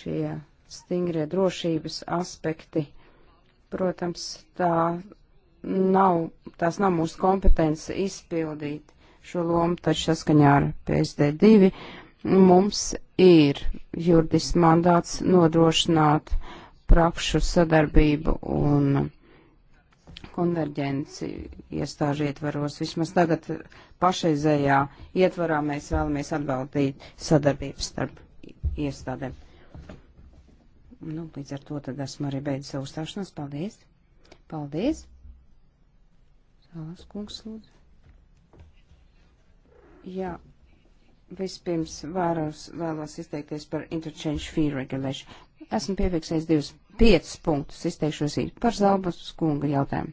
šie stingrie drošības aspekti. Protams, tā nav, tās nav mūsu kompetence izpildīt šo lomu, taču saskaņā ar PSD2 mums ir juridisks mandāts nodrošināt prakšu sadarbību un konverģenci iestāžu ietvaros. Vismaz tagad pašreizējā ietvarā mēs vēlamies atbalstīt sadarbību starp iestādēm. Nu, līdz ar to tad esmu arī beidz savu stāšanos. Paldies! Paldies! Salas kungs lūdzu. Jā, vispirms vēros, vēlos izteikties par interchange fee regulation. Esmu piefiksējis divus piecus punktus, izteikšos īri par Zalbas kunga jautājumu.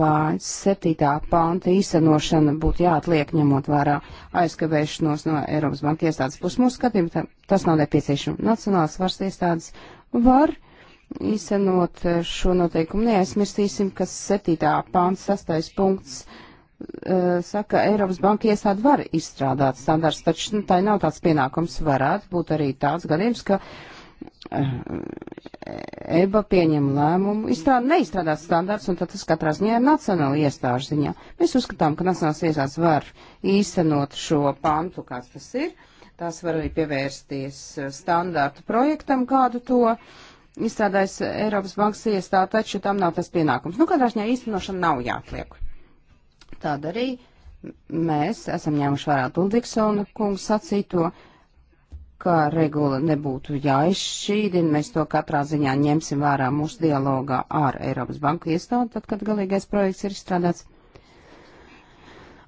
Vai septītā panta īstenošana būtu jāatliek ņemot vērā aizkavēšanos no Eiropas banka iestādes puses mūsu skatījuma, tas nav nepieciešams. Nacionāls varas iestādes var. Uh, īstenot eh, šo noteikumu. Neaizmirstīsim, ka 7. pāns 6. punkts eh, saka, Eiropas Banka iestāde var izstrādāt standārts, taču nu, tā nav tāds pienākums. Varētu būt arī tāds gadījums, ka EBA eh, e pieņem lēmumu, izstrād, neizstrādāt standārts, un tad tas katrā ziņā ir nacionāla iestāžu ziņā. Mēs uzskatām, ka nacionālās iestādes var īstenot šo pantu, kāds tas ir. Tās var arī pievērsties standārtu projektam, kādu to uh, izstrādājis Eiropas bankas iestāde, taču tam nav tas pienākums. Nu, katrā ziņā īstenošana nav jāatliek. Tāda arī mēs esam ņēmuši vērā Tuldiksona kungu sacīto, ka regula nebūtu jāizšķīdina, mēs to katrā ziņā ņemsim vērā mūsu dialogā ar Eiropas banku iestādi, tad, kad galīgais projekts ir izstrādāts.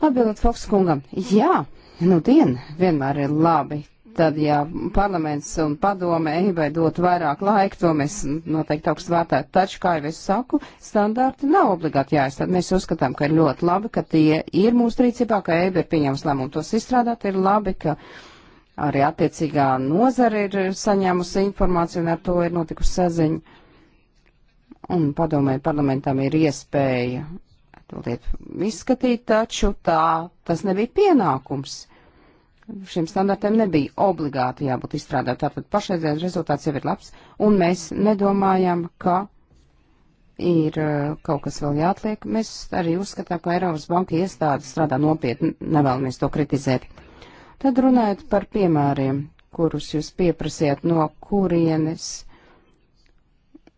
Atbildot Foks kungam, jā, nu dien, vienmēr ir labi Tad, ja parlaments un padome EIBai dotu vairāk laika, to mēs noteikti augstu vērtētu. Taču, kā jau es saku, standarti nav obligāti jāizstāv. Mēs uzskatām, ka ir ļoti labi, ka tie ir mūsu rīcībā, ka EIBA ir pieņēmusi lēmumu tos izstrādāt. Ir labi, ka arī attiecīgā nozara ir saņēmusi informāciju un ar to ir notikusi saziņa. Un padomē, parlamentam ir iespēja to lietu izskatīt, taču tā tas nebija pienākums šiem standartiem nebija obligāti jābūt izstrādāt. Tātad pašreizējais rezultāts jau ir labs, un mēs nedomājam, ka ir uh, kaut kas vēl jāatliek. Mēs arī uzskatām, ka Eiropas banka iestāde strādā nopietni, nevēlamies to kritizēt. Tad runājot par piemēriem, kurus jūs pieprasiet, no kurienes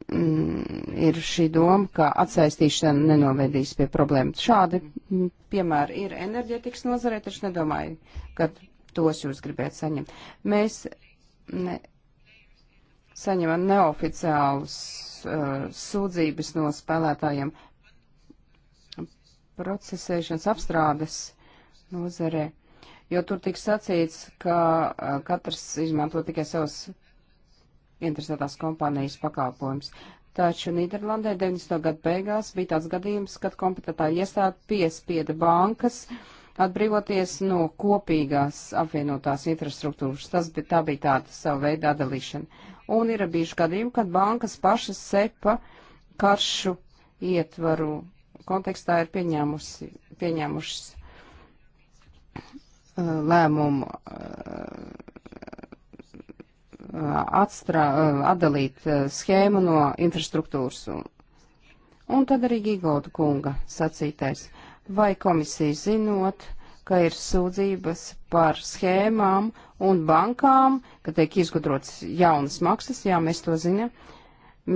mm, ir šī doma, ka atsaistīšana nenovedīs pie problēmas. Šādi mm, piemēri ir enerģetikas nozarē, taču nedomāju, ka tos jūs gribētu saņemt. Mēs ne, saņemam neoficiālus uh, sūdzības no spēlētājiem procesēšanas apstrādes nozarē, jo tur tika sacīts, ka uh, katrs izmanto tikai savus interesētās kompānijas pakalpojumus. Taču Nīderlandē 90. gadu beigās bija tāds gadījums, kad kompetentā iestāde piespieda bankas uh, atbrīvoties no kopīgās apvienotās infrastruktūras. Tas bija, tā bija tāda sava veida atdalīšana. Un ir bijuši gadījumi, kad bankas pašas sepa karšu ietvaru kontekstā ir pieņēmusi, pieņēmušas uh, lēmumu uh, atstrā, uh, atdalīt schēmu no infrastruktūras. Un tad arī Gigolda kunga sacītais. Vai komisija zinot, ka ir sūdzības par schēmām un bankām, ka tiek izgudrots jaunas maksas, jā, mēs to zinām,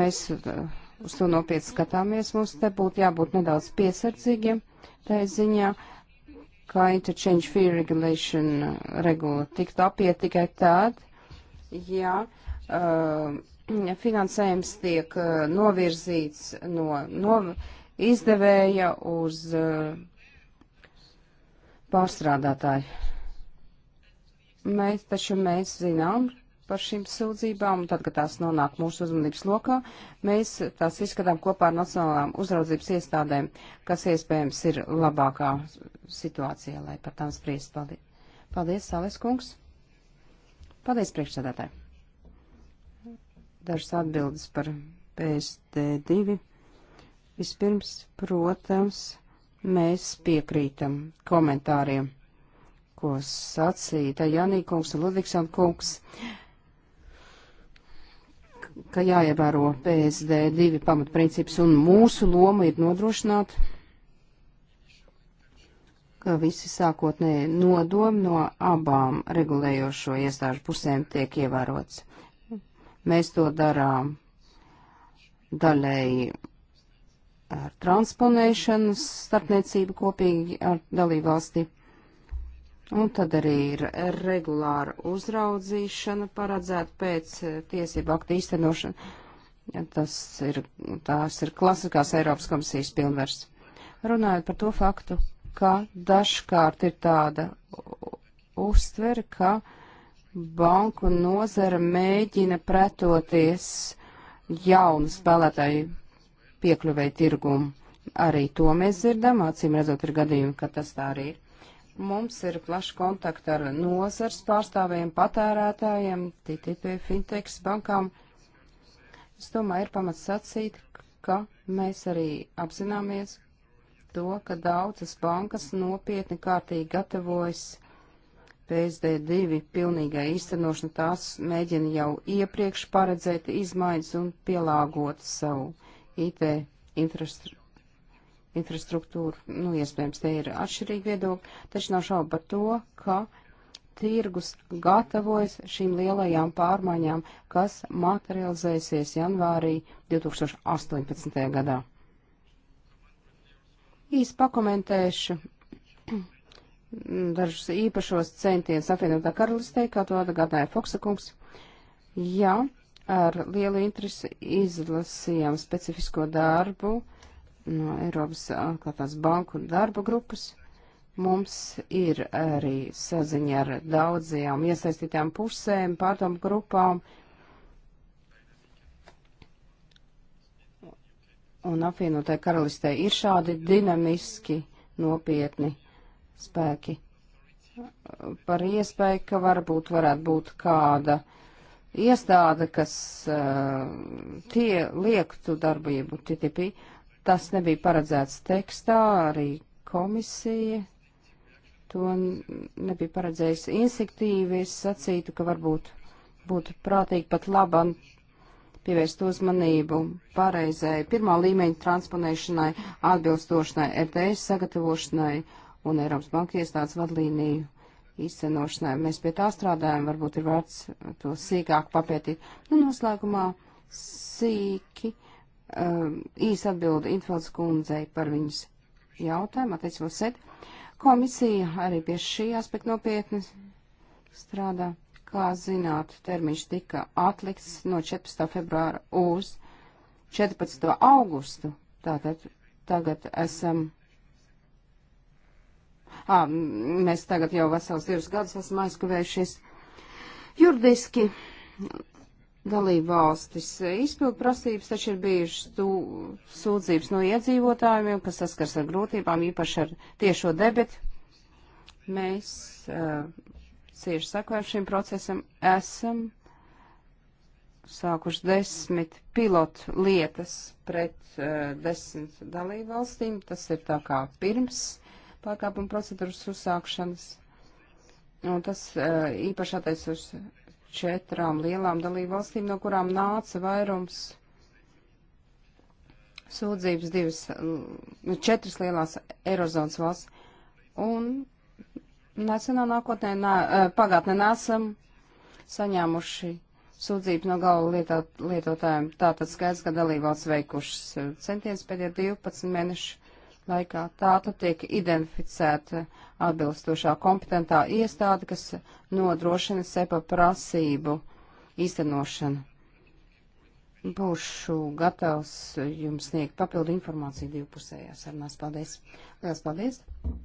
mēs uh, uz to nopietni skatāmies, mums te būtu jābūt nedaudz piesardzīgiem, tā ziņā, ka interchange fee regulation uh, regula tiktu apiet tikai tad, ja uh, finansējums tiek uh, novirzīts no. no izdevēja uz eh, pārstrādātāju. Mēs taču mēs zinām par šīm sūdzībām, un tad, kad tās nonāk mūsu uzmanības lokā, mēs tās izskatām kopā ar nacionālām uzraudzības iestādēm, kas iespējams ir labākā situācija, lai par tām spriest. Paldies, Paldies Sales kungs. Paldies, priekšsēdētāji. Dažas atbildes par PSD2. Vispirms, protams, mēs piekrītam komentāriem, ko sacīja Janī kungs un Ludvigsson kungs ka jāievēro PSD divi pamatprincips, un mūsu loma ir nodrošināt, ka visi sākotnēji nodomi no abām regulējošo iestāžu pusēm tiek ievērots. Mēs to darām daļēji ar transponēšanu, starpniecību kopīgi ar dalībvalsti. Un tad arī ir regulāra uzraudzīšana paredzēta pēc tiesību aktu īstenošana. Ja tas ir, tās ir klasiskās Eiropas komisijas pilnvers. Runājot par to faktu, ka dažkārt ir tāda uztvere, ka banku nozara mēģina pretoties jaunu spēlētāju piekļuvēja tirgumu. Arī to mēs dzirdam, acīm redzot, ir gadījumi, ka tas tā arī ir. Mums ir plaši kontakti ar nozars pārstāvējiem, patērētājiem, TTP, fintechs, bankām. Es domāju, ir pamats sacīt, ka mēs arī apzināmies to, ka daudzas bankas nopietni kārtīgi gatavojas PSD2 pilnīgai īstenošanai. Tās mēģina jau iepriekš paredzēt izmaiņas un pielāgot savu IT infrastru, infrastruktūru. Nu, iespējams, te ir atšķirīgi viedokļi, taču nav šaubu par to, ka tirgus gatavojas šīm lielajām pārmaiņām, kas materializēsies janvārī 2018. gadā. Īsti pakomentēšu dažus īpašos centienus apvienotā karalistē, kā to atgādāja Foksakungs. Jā, ja, ar lielu interesi izlasījām specifisko darbu no Eiropas atklātās banku darba grupas. Mums ir arī saziņa ar daudzajām iesaistītām pusēm, pārdomu grupām. Un apvienotai karalistē ir šādi dinamiski, nopietni spēki. Par iespēju, ka varbūt varētu būt kāda uh, iestāde, kas uh, tie liektu darbību TTP, tas nebija paredzēts tekstā, arī komisija to nebija paredzējusi instinktīvi. Es sacītu, ka varbūt būtu prātīgi pat labam pievērst uzmanību pareizai pirmā līmeņa transponēšanai, atbilstošanai RTS sagatavošanai un Eiropas Banka iestādes vadlīniju īstenošanai. Mēs pie tā strādājam, varbūt ir vērts to sīkāk papētīt. Nu, noslēgumā sīki um, īsa atbildi Infelds kundzei par viņas jautājumu, attiecībā sed. Komisija arī pie šī aspekta nopietni strādā. Kā zināt, termiņš tika atlikts no 14. februāra uz 14. augustu. Tātad tagad esam À, mēs tagad jau vesels divus gadus esam aizkavējušies. Juridiski dalību valstis izpildu prasības taču ir bijušas sūdzības no iedzīvotājiem, kas saskars ar grūtībām, īpaši ar tiešo debetu. Mēs uh, cieši sakojam šim procesam, esam sākuši desmit pilotu lietas pret uh, desmit dalību valstīm. Tas ir tā kā pirms pārkāpuma procedūras uzsākšanas. Un tas eh, īpaši attiec uz četrām lielām dalību valstīm, no kurām nāca vairums sūdzības divas, mm, četras lielās Eirozonas valsts. Un nesenā nākotnē, nā, eh, pagātnē nesam saņēmuši sūdzības no galva lietot, lietotājiem. Tātad skaidrs, ka dalībvalsts veikušas eh, centiens pēdējo 12 mēnešu laikā. Tā tad tiek identificēta atbilstošā kompetentā iestāde, kas nodrošina sepa prasību īstenošanu. Būšu gatavs jums sniegt papildu informāciju divpusējā sarunās. Paldies! Lielas paldies!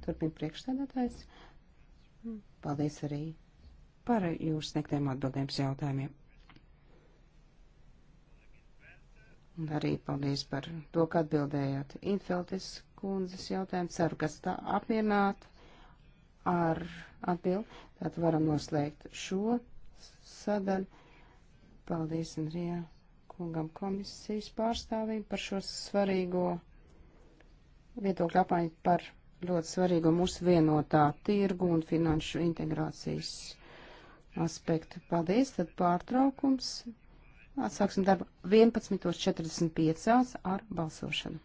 Turpin priekšstādātājs. Paldies arī par jūsu sniegtiem atbildēm uz jautājumiem. Un arī paldies par to, ka atbildējāt Infeltes kundzes jautājumu. Ceru, ka tā apmierināt ar atbildi. Tad varam noslēgt šo sadaļu. Paldies, Andrija kungam komisijas pārstāvim par šo svarīgo viedokļu apmaiņu par ļoti svarīgo mūsu vienotā tirgu un finanšu integrācijas aspektu. Paldies, tad pārtraukums. Atsāksim darbu 11.45 ar balsošanu.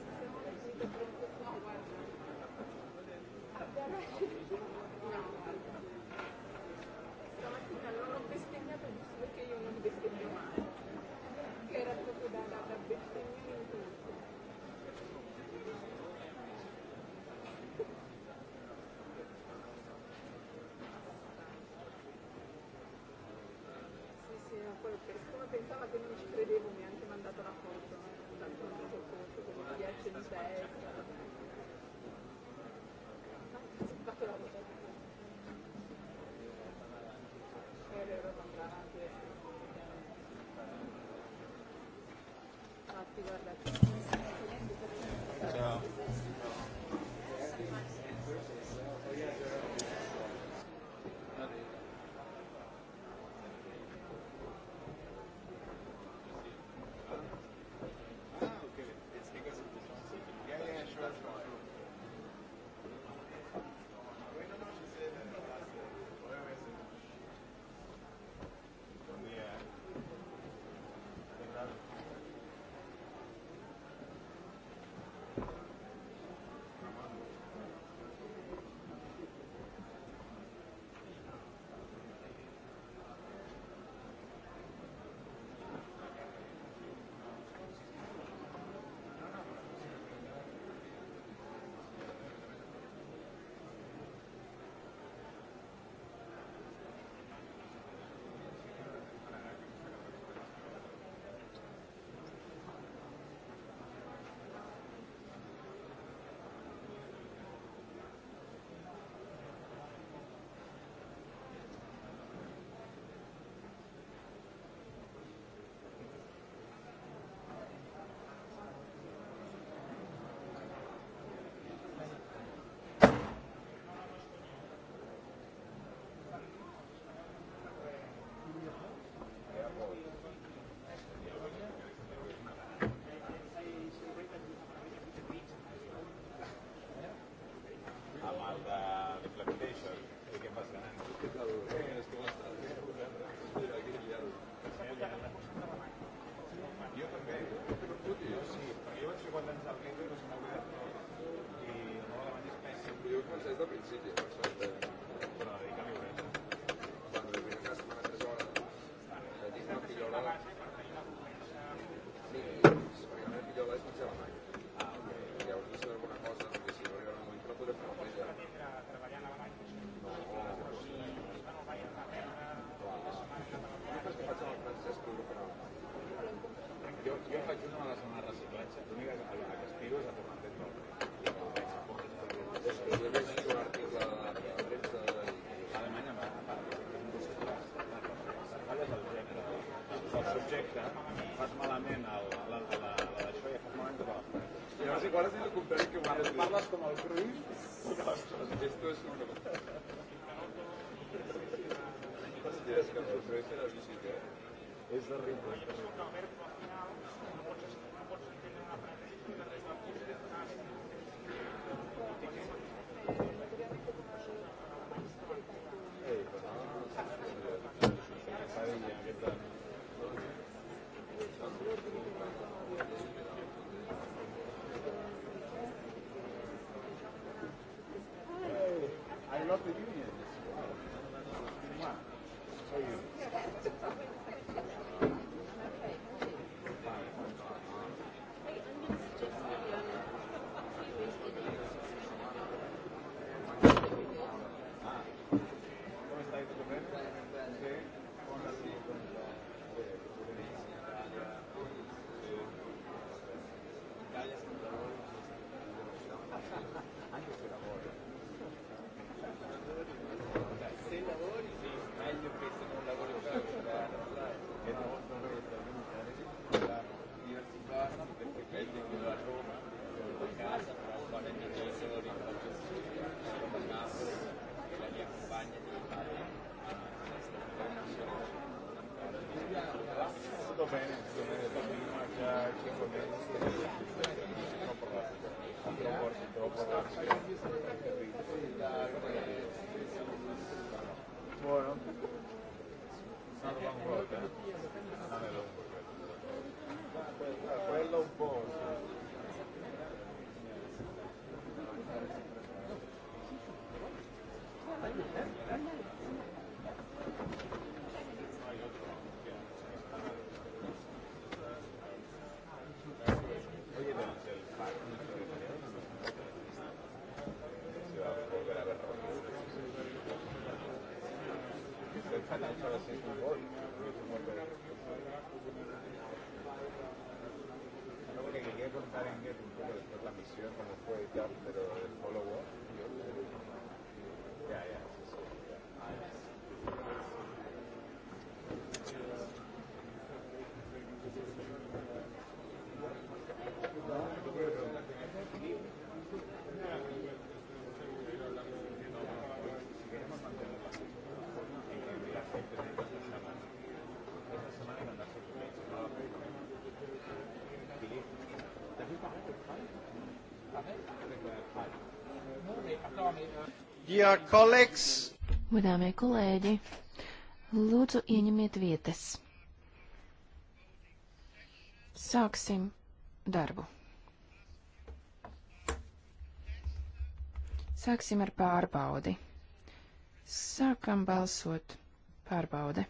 Prinzipien. projecte fas malament el, el, el, el, el això i fas malament tota l'estona. I llavors igual és el contrari que ho has Parles com el Cruyff, esto es un... Eh? És de riure. Jo soc Albert, al final, no pots estar que quería contar en que después la misión, cómo fue y tal, pero Godāmie kolēģi, lūdzu ieņemiet vietas. Sāksim darbu. Sāksim ar pārbaudi. Sākam balsot. Pārbaude.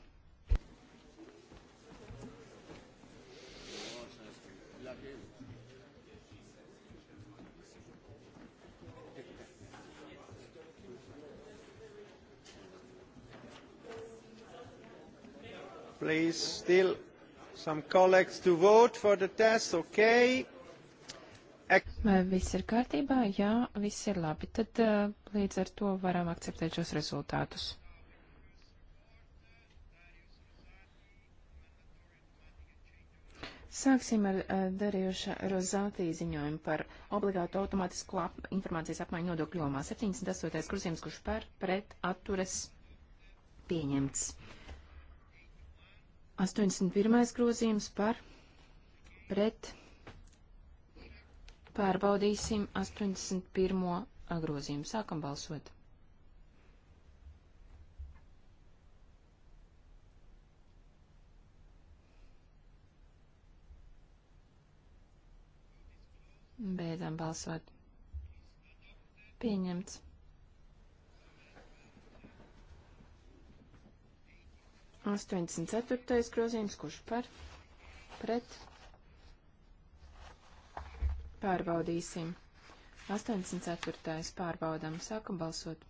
please. Still some colleagues to vote for the test, okay? Vai viss ir kārtībā? Jā, viss ir labi. Tad uh, līdz ar to varam akceptēt šos rezultātus. Sāksim ar uh, darījuša Rozātī ziņojumu par obligātu automātisku ap informācijas apmaiņu nodokļu jomā. 78. kursījums, kurš par pret atturas pieņemts. 81. grozījums par pret. Pārbaudīsim 81. grozījumu. Sākam balsot. Beidzam balsot. Pieņemts. 84. grozījums, kurš par pret pārbaudīsim. 84. pārbaudām, sākam balsot.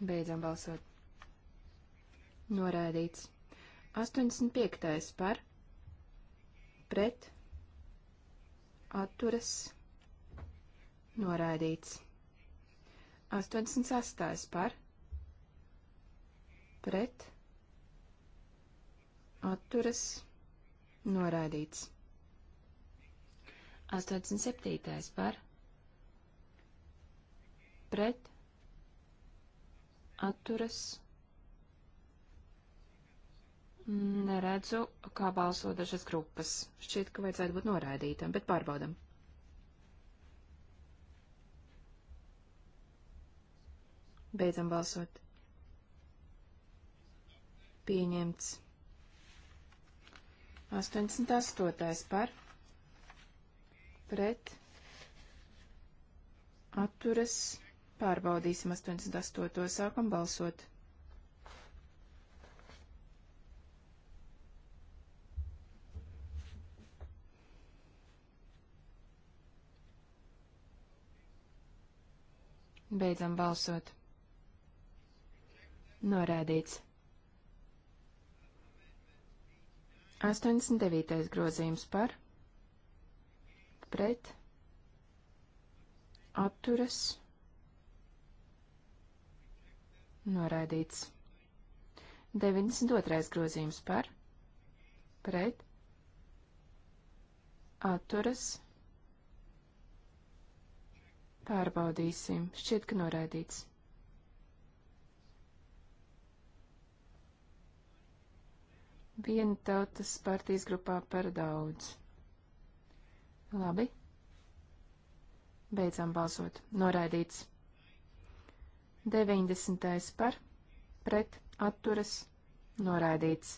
Beidzam balsot. Norādīts. 85. par pret atturas pārbaudīsim Noraidīts. 86. par pret atturas noraidīts. 87. par pret atturas neredzu, kā balso dažas grupas. Šķiet, ka vajadzētu būt noraidītam, bet pārbaudam. 87. Beidzam balsot. Pieņemts. 88. par pret atturas pārbaudīsim 88. sākam balsot. Beidzam balsot. Norādīts. 89. grozījums par, pret, atturas, norādīts. 92. grozījums par, pret, atturas, pārbaudīsim, šķiet, ka norādīts. Viena tautas partijas grupā par daudz. Labi. Beidzam balsot. Noraidīts. 90. par, pret, atturas, noraidīts.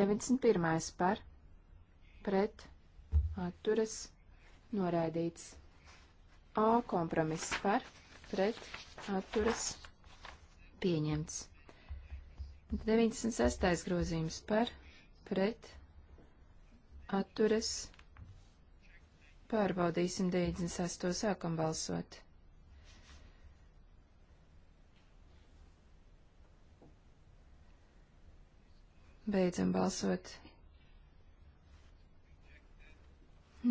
91. par, pret, atturas, noraidīts. A kompromiss par, pret, atturas, pieņemts. 96. grozījums par, pret, atturas, pārbaudīsim 98. sākam balsot. Beidzam balsot.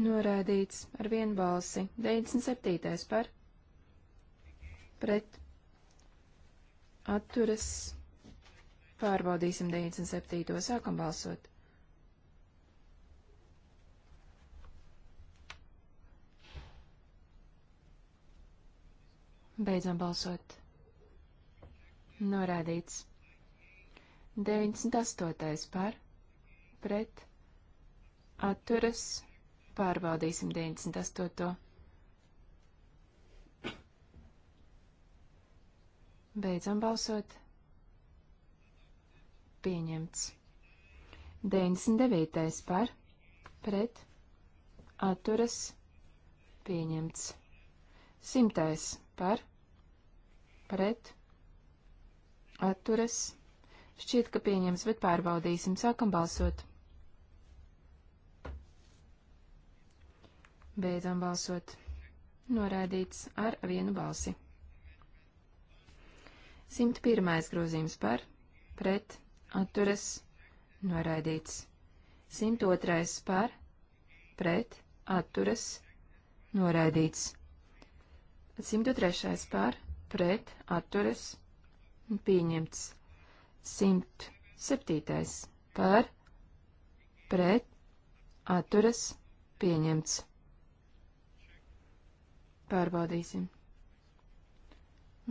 Norādīts ar vienu balsi. 97. par. Pret. Atturas. Pārbaudīsim 97. sākam balsot. Beidzam balsot. Norādīts. 98. par, pret, atturas, pārbaudīsim 98. Beidzam balsot pieņemts. 99. par pret atturas pieņemts. 100. par pret atturas šķiet, ka pieņems, bet pārbaudīsim. Sākam balsot. Beidzam balsot. Norādīts ar vienu balsi. 101. grozījums par pret atturas, noraidīts. 102. par, pret, atturas, noraidīts. 103. par, pret, atturas, pieņemts. 107. par, pret, atturas, pieņemts. Pārbaudīsim.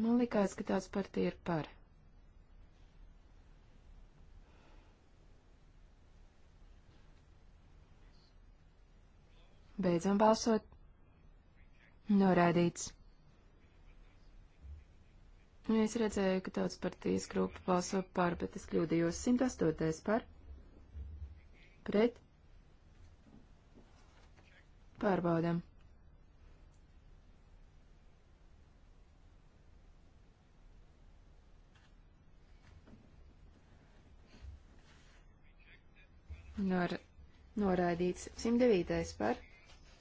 Man likās, ka tās partija ir par. Beidzam balsot. Norādīts. Nu, es redzēju, ka tautas partijas grupa balso par, bet es kļūdījos 108. par. Pret. Pārbaudam. Nor, norādīts 109. par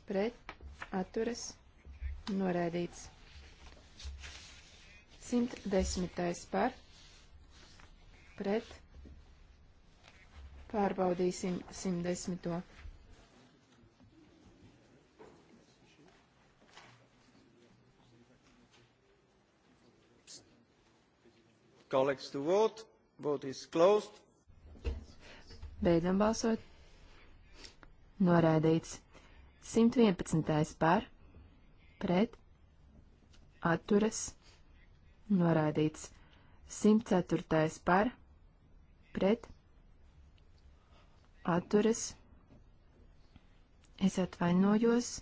pret, atturas, noraidīts. 110. par, pret, pārbaudīsim 110. collects to vote. Vote is closed. Beidzam balsot. Noraidīts. 111. par, pret, atturas, norādīts. 104. par, pret, atturas, es atvainojos,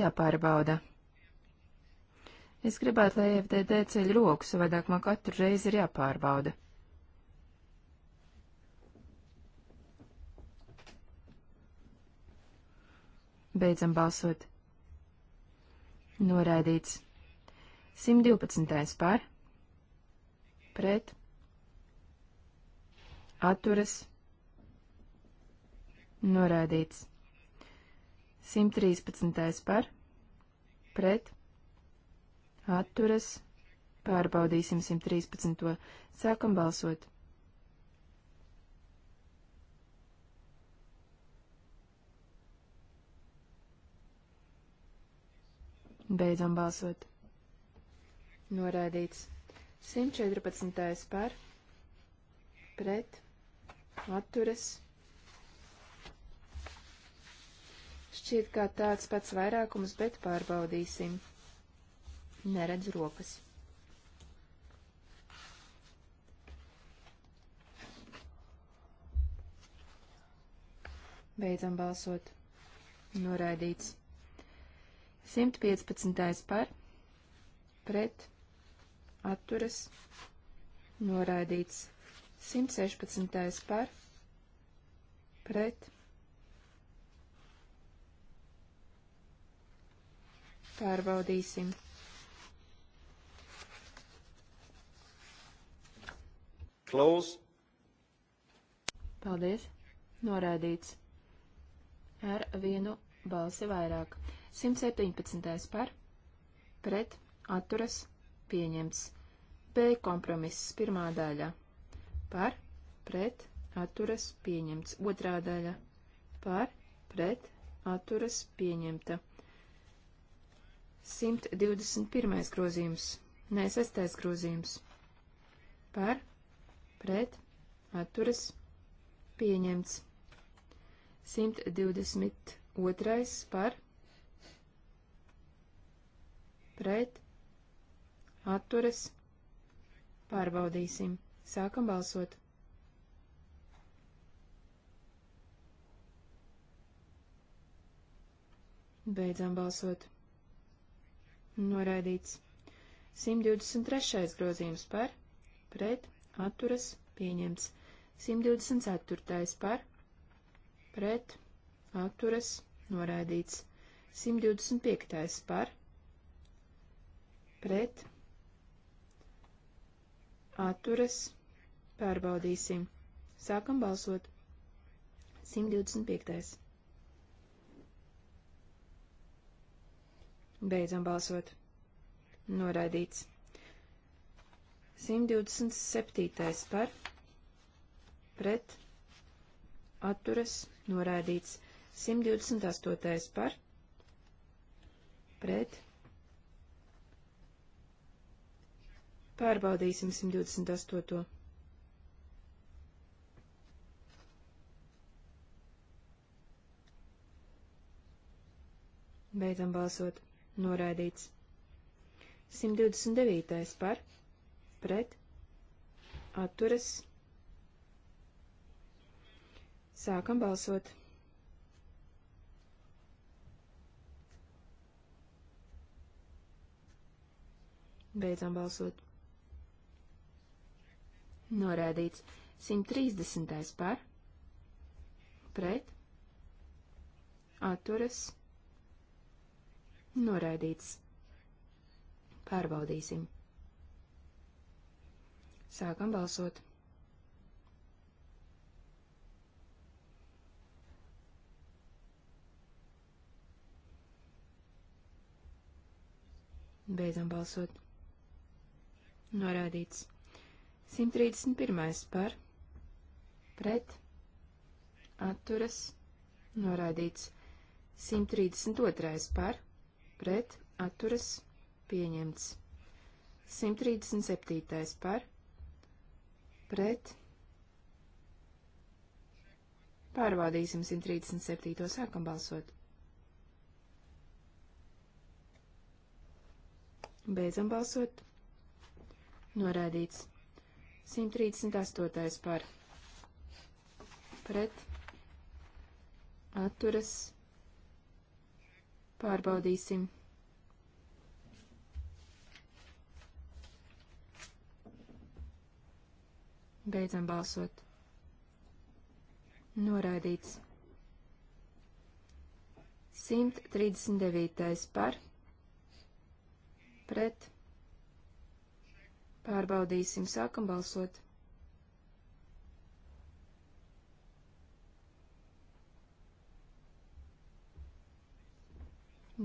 jāpārbauda. Es gribētu, lai FDD ceļ roku, savādāk man katru reizi ir jāpārbauda. Beidzam balsot. Noraidīts. 112. par. Pret. Atturas. Noraidīts. 113. par. Pret. Atturas. Pārbaudīsim 113. Sākam balsot. Beidzam balsot. Noraidīts. 114. par, pret, atturas. Šķiet kā tāds pats vairākums, bet pārbaudīsim. Neredz rokas. Beidzam balsot. Noraidīts. 115. par pret atturas noraidīts. 116. par pret pārbaudīsim. Close. Paldies. Noraidīts. Ar vienu balsi vairāk. 117. par, pret, atturas, pieņemts. B kompromiss, pirmā daļa, par, pret, atturas, pieņemts. Otrā daļa, par, pret, atturas, pieņemta. 121. grozījums, nē, 6. grozījums, par, pret, atturas, pieņemts. 122. par, pret, atturas, pārbaudīsim. Sākam balsot. Beidzam balsot. Noraidīts. 123. grozījums par, pret, atturas, pieņemts. 124. par, pret, atturas, noraidīts. 125. par, pret, atturas, pārbaudīsim. Sākam balsot. 125. Beidzam balsot. Noraidīts. 127. par pret atturas noraidīts. 128. par pret Pārbaudīsim 128. Beidzam balsot. Noraidīts. 129. par, pret, atturas. Sākam balsot. Beidzam balsot. Norādīts 130. par, pret, atturas, noraidīts. Pārbaudīsim. Sākam balsot. Beidzam balsot. Norādīts. 131. par pret atturas noraidīts. 132. par pret atturas pieņemts. 137. par pret pārbaudīsim 137. sākam balsot. Beidzam balsot. Norādīts. 138. par pret atturas pārbaudīsim. Beidzam balsot. Noraidīts. 139. par pret Pārbaudīsim, sākam balsot.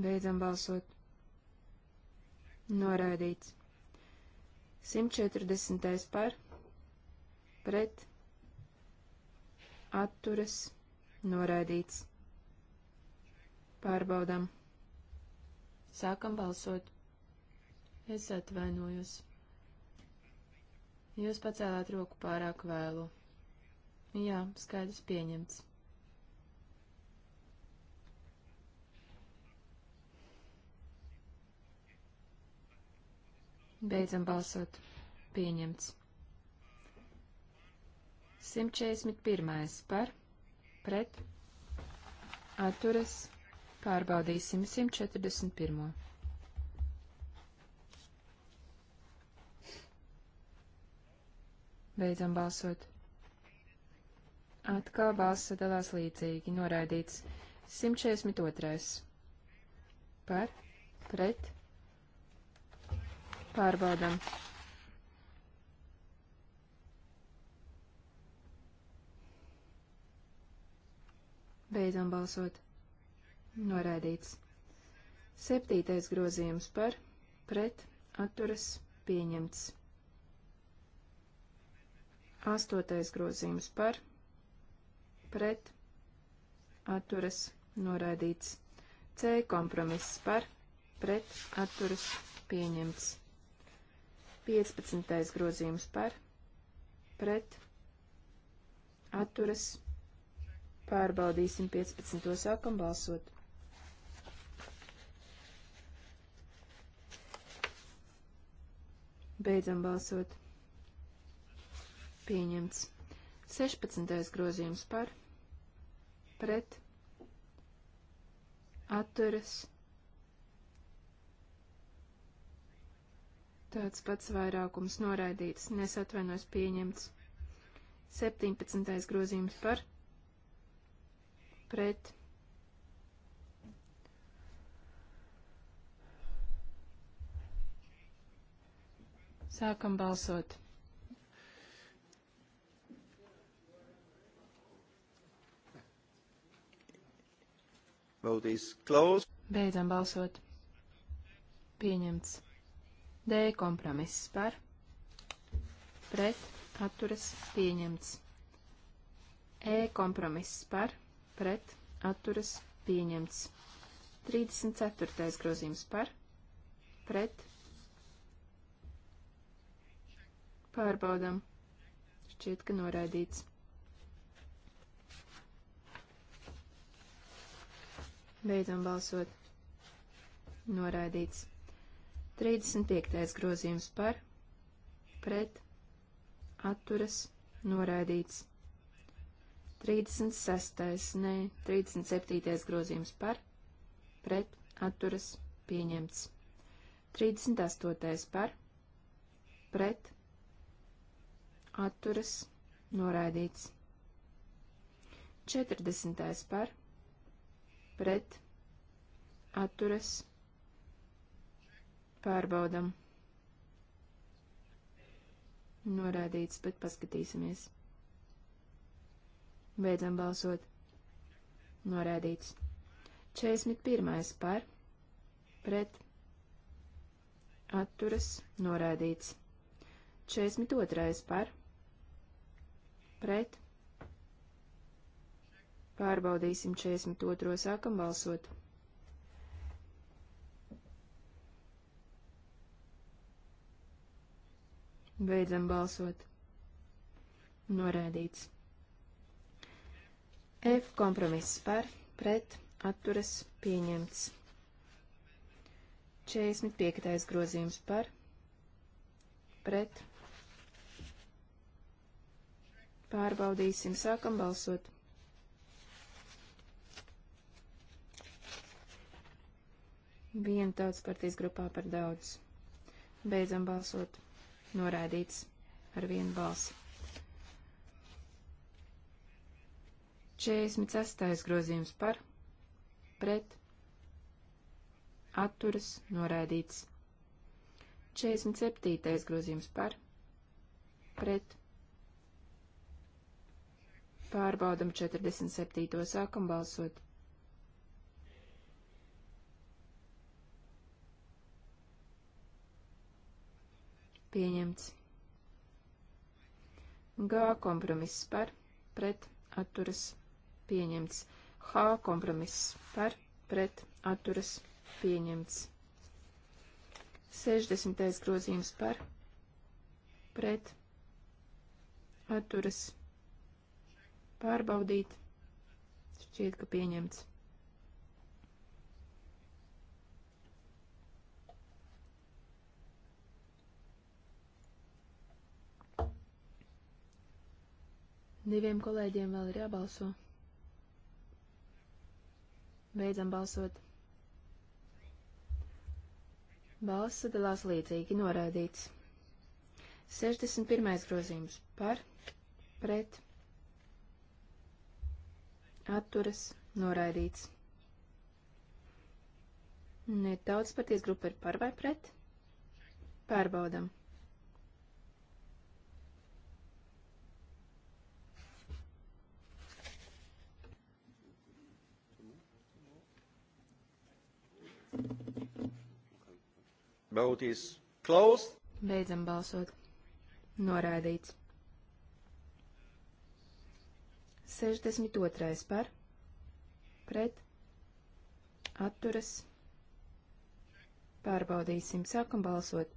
Beidzam balsot. Noraidīts. 140. par, pret, atturas, noraidīts. Pārbaudam. Sākam balsot. Es atvainojos. Jūs pacēlāt roku pārāk vēlu. Jā, skaidrs pieņemts. Beidzam balsot. Pieņemts. 141. par, pret, atturas, pārbaudīsim 141. Beidzam balsot. Atkal balss sadalās līdzīgi. Noraidīts 142. Par, pret, pārbaudam. Beidzam balsot. Noraidīts. Septītais grozījums par, pret, atturas, pieņemts. Astotais grozījums par, pret, atturas, noraidīts. C kompromiss par, pret, atturas, pieņemts. 15. grozījums par, pret, atturas, pārbaudīsim 15. sākam balsot. Beidzam balsot. Pieņemts. 16. grozījums par pret atturas. Tāds pats vairākums noraidīts, nesatvainojas pieņemts. 17. grozījums par pret Sākam balsot. Vote is closed. Beidzam balsot. Pieņemts. D kompromiss par. Pret. Atturas. Pieņemts. E kompromiss par. Pret. Atturas. Pieņemts. 34. grozījums par. Pret. Pārbaudam. Šķiet, ka noraidīts. Beidzam balsot. Noraidīts. 35. grozījums par, pret, atturas, noraidīts. 36. nē, 37. grozījums par, pret, atturas, pieņemts. 38. par, pret, atturas, noraidīts. 40. par, pret, atturas, pārbaudam. Norādīts, bet paskatīsimies. Beidzam balsot. Norādīts. 41. par, pret, atturas, norādīts. 42. par, pret, Pārbaudīsim 42. sākam balsot. Beidzam balsot. Norēdīts. F kompromiss par, pret, atturas, pieņemts. 45. grozījums par, pret. Pārbaudīsim, sākam balsot. Viena tautas partijas grupā par daudz. Beidzam balsot. Norādīts ar vienu balsi. 46. grozījums par, pret, atturas, norādīts. 47. grozījums par, pret, pārbaudam 47. sākam balsot. pieņemts. G kompromiss par, pret, atturas, pieņemts. H kompromiss par, pret, atturas, pieņemts. 60. grozījums par, pret, atturas, pārbaudīt, šķiet, ka pieņemts. Diviem kolēģiem vēl ir jābalso. Beidzam balsot. Balss sadalās līdzīgi noraidīts. 61. grozījums par, pret, atturas, noraidīts. Netautas paties grupa ir par vai pret? Pārbaudam. Vote is closed. Beidzam balsot. Noraidīts. 62. par pret atturas. Pārbaudīsim. Sākam balsot.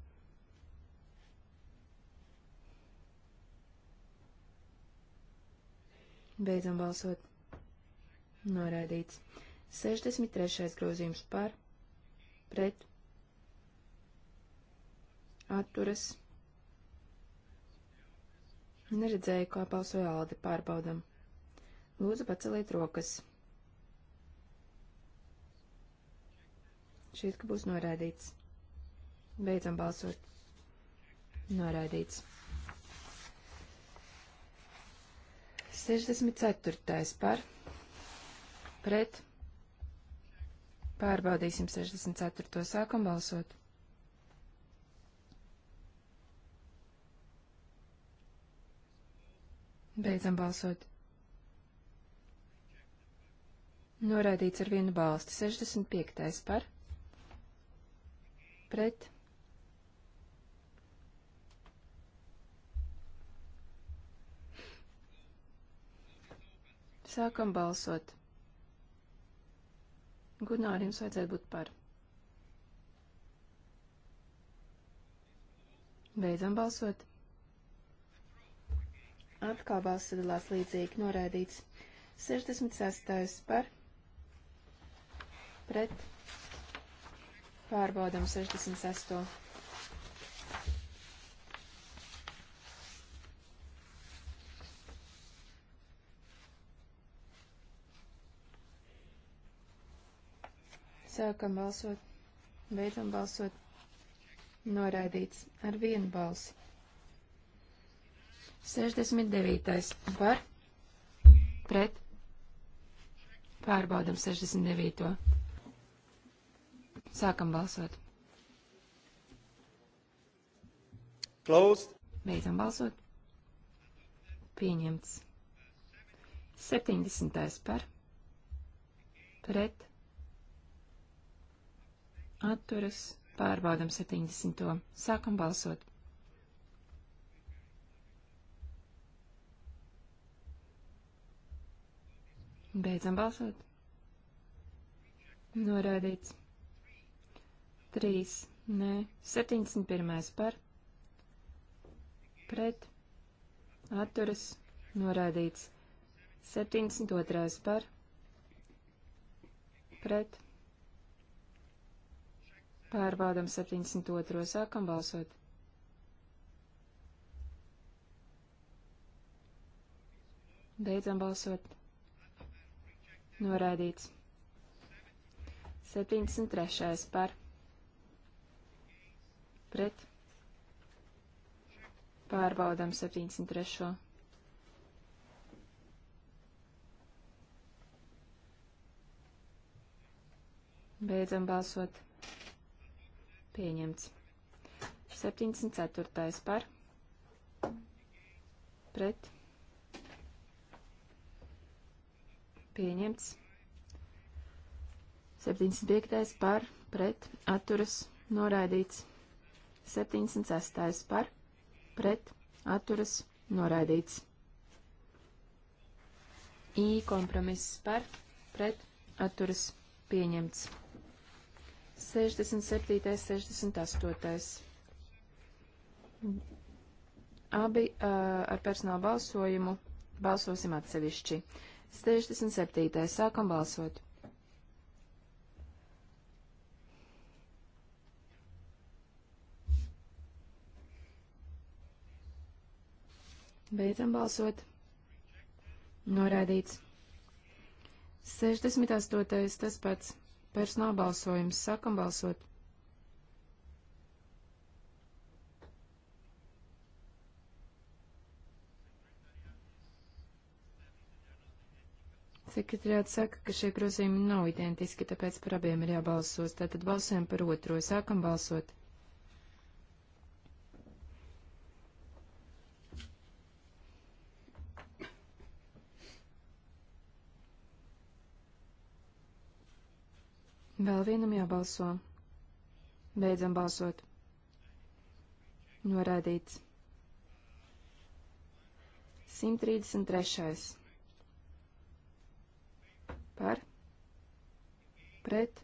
Beidzam balsot. Noraidīts. 63. grozījums par pret atturas. Neredzēju, kā balsoja Alde. Pārbaudam. Lūdzu, paceliet rokas. Šķiet, ka būs noraidīts. Beidzam balsot. Noraidīts. 64. par pret Pārbaudīsim 64. sākam balsot. Beidzam balsot. Noraidīts ar vienu balstu. 65. par. Pret. Sākam balsot. Gunār, jums vajadzētu būt par. Beidzam balsot. Atkal balss sadalās līdzīgi noraidīts. 66. par pret pārbaudam 66. Sākam balsot, beidzam balsot. Noraidīts ar vienu balsi. 69. par, pret, pārbaudam 69. Sākam balsot. Closed. Beidzam balsot. Pieņemts. 70. par, pret, atturas, pārbaudam 70. Sākam balsot. Beidzam balsot. Norādīts. 3, nē, 71. par, pret, atturas, norādīts. 72. par, pret, Pārbaudam 72. Sākam balsot. Beidzam balsot. Noraidīts. 73. par. Pret. Pārbaudam 73. Beidzam balsot. Pieņemts. 74. par pret pieņemts. 75. par pret atturas noraidīts. 76. par pret atturas noraidīts. I kompromiss par pret atturas pieņemts. 67. 68. Abi uh, ar personālu balsojumu balsosim atsevišķi. 67. sākam balsot. Beidzam balsot. Noraidīts. 68. tas pats. Personāla balsojums. Sākam balsot. Sekretariāts saka, ka šie grozījumi nav identiski, tāpēc par abiem ir jābalsos. Tātad balsojam par otro. Sākam balsot. Vēl vienam jābalso. Beidzam balsot. Norādīts. 133. Par. Pret.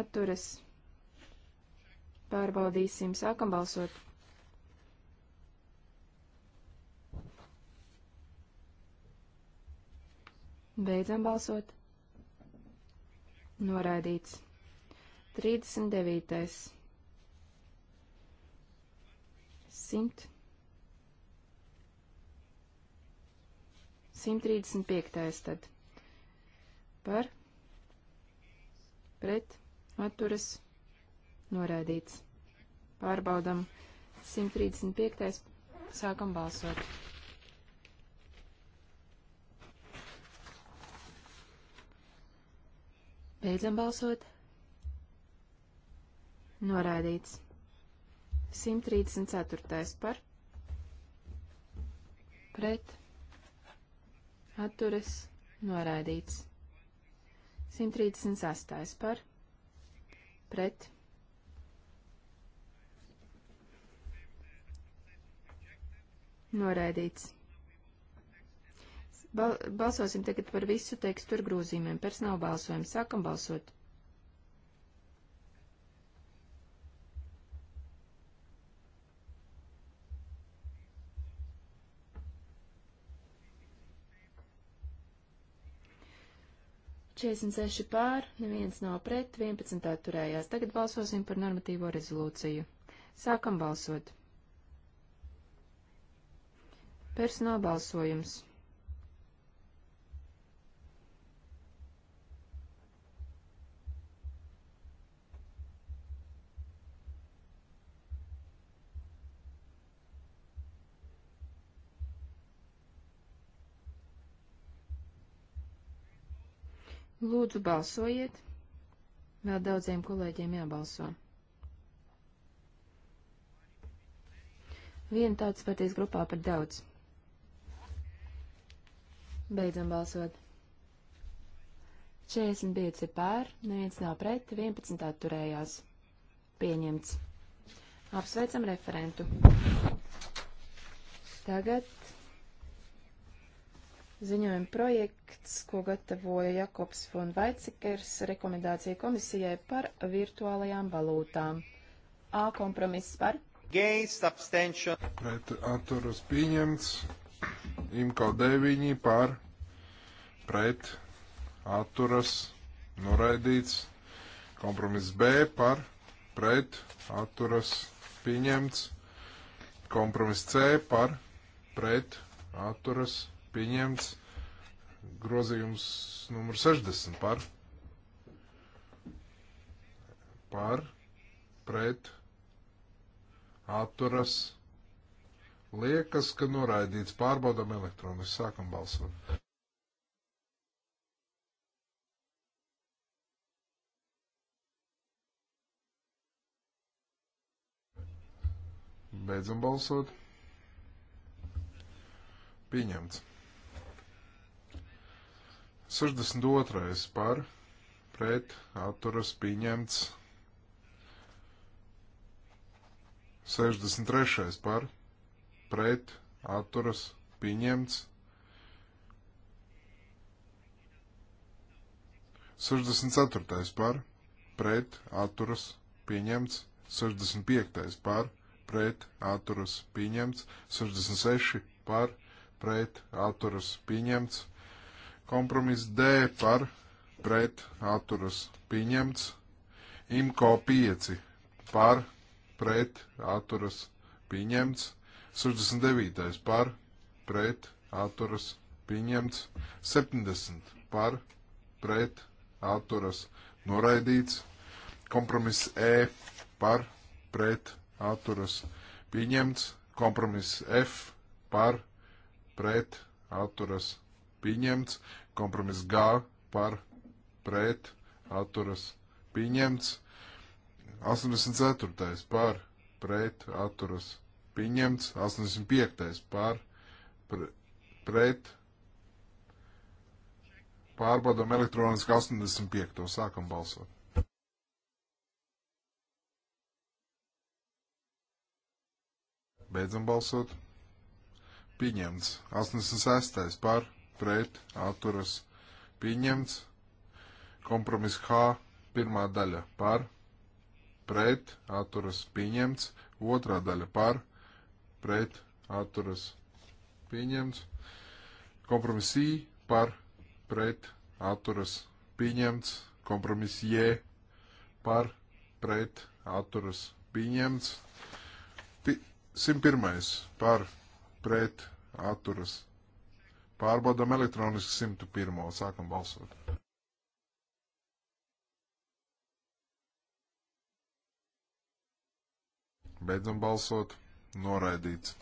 Atturas. Pārbaudīsim. Sākam balsot. Beidzam balsot. Noraidīts. 39. 100. 135. tad par pret atturas noraidīts. Pārbaudam 135. sākam balsot. Beidzam balsot. Norādīts. 134. par. Pret. Atturas. Norādīts. 138. par. Pret. Noraidīts. Bal balsosim tagad par visu tekstu ar grūzīmēm. Personāla balsojumu. Sākam balsot. Četrdesmit seši pār, neviens nav pret, vienpadsmit atturējās. Tagad balsosim par normatīvo rezolūciju. Sākam balsot. Personāla balsojums. Lūdzu, balsojiet. Vēl daudziem kolēģiem jābalso. Viena tautas partijas grupā par daudz. Beidzam balsot. 45 ir pār, neviens nav pret, 11 atturējās. Pieņemts. Apsveicam referentu. Tagad Ziņojuma projekts, ko gatavoja Jakobs von Weizsikers, rekomendācija komisijai par virtuālajām valūtām. A kompromiss par. Gainst abstention. Pret atturas pieņemts. Imko 9 par. Pret atturas noraidīts. Kompromiss B par. Pret atturas pieņemts. Kompromiss C par. Pret atturas pieņemts pieņemts. Grozījums numur 60 par. Par, pret, atturas. Liekas, ka noraidīts. Pārbaudam elektroniski. Sākam balsot. Beidzam balsot. Pieņemts. 62. par pret atturas pieņemts. 63. par pret atturas pieņemts. 64. par pret atturas pieņemts. 65. par pret atturas pieņemts. 66. par pret atturas pieņemts. Kompromiss D par pret atturas pieņemts. IMCO 5 par pret atturas pieņemts. 69. par pret atturas pieņemts. 70. par pret atturas noraidīts. Kompromiss E par pret atturas pieņemts. Kompromiss F par pret atturas pieņemts atturas pieņemts. Kompromiss G par pret atturas pieņemts. 84. par pret atturas pieņemts. 85. par pre, pret pārbaudam elektroniski 85. sākam balsot. Beidzam balsot. Pieņemts. 86. par pret atturas pieņemts. Kompromiss H pirmā daļa par pret atturas pieņemts. Otrā daļa par pret atturas pieņemts. Kompromiss I par pret atturas pieņemts. Kompromiss J par pret atturas pieņemts. 101. par pret atturas pieņemts. Pārbaudam elektroniski 101. Sākam balsot. Beidzam balsot. Noraidīts.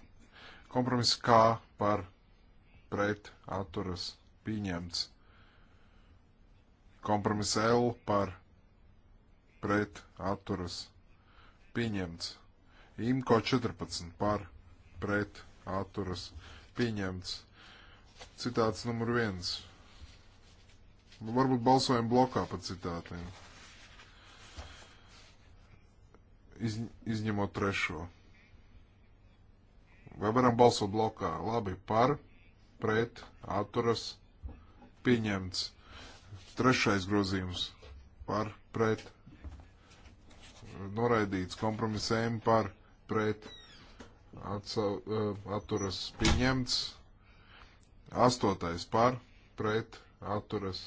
Kompromiss K par pret atturas pieņemts. Kompromiss L par pret atturas pieņemts. IMCO 14 par pret atturas pieņemts. Citāts numur viens. Varbūt balsojam blokā par citātiem. Iz, izņemot trešo. Vai varam balsot blokā? Labi, par, pret, atturas, pieņemts. Trešais grozījums. Par, pret, noraidīts. Kompromisējumi par, pret, atsa, eh, atturas, pieņemts. Astotais par, pret, atturas,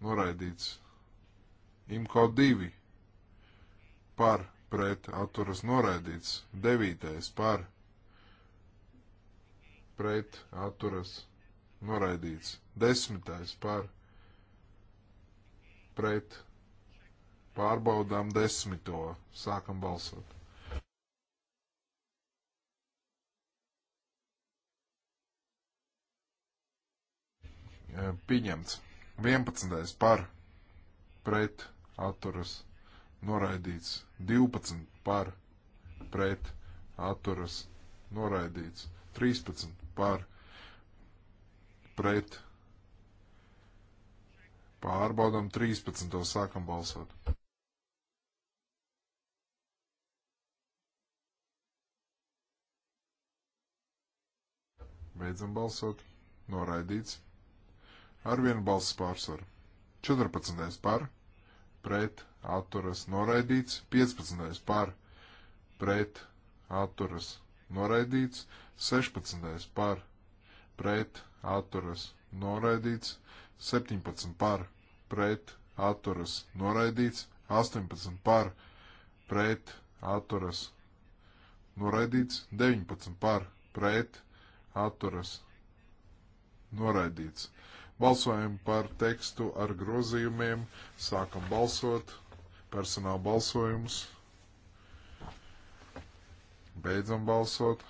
noraidīts. Imko 2 par, pret, atturas, noraidīts. Devītais par, pret, atturas, noraidīts. Desmitais par, pret, pārbaudām desmito, sākam balsot. pieņemts. 11. par pret atturas noraidīts. 12. par pret atturas noraidīts. 13. par pret pārbaudam 13. sākam balsot. Beidzam balsot. Noraidīts ar vienu balsu pārsvaru. 14. par, pret, atturas, noraidīts, 15. par, pret, atturas, noraidīts, 16. par, pret, atturas, noraidīts, 17 par, pret, atturas, noraidīts, 18 par, pret, atturas, noraidīts, 19 par, pret, atturas, noraidīts. Balsojam par tekstu ar grozījumiem. Sākam balsot. Personāla balsojums. Beidzam balsot.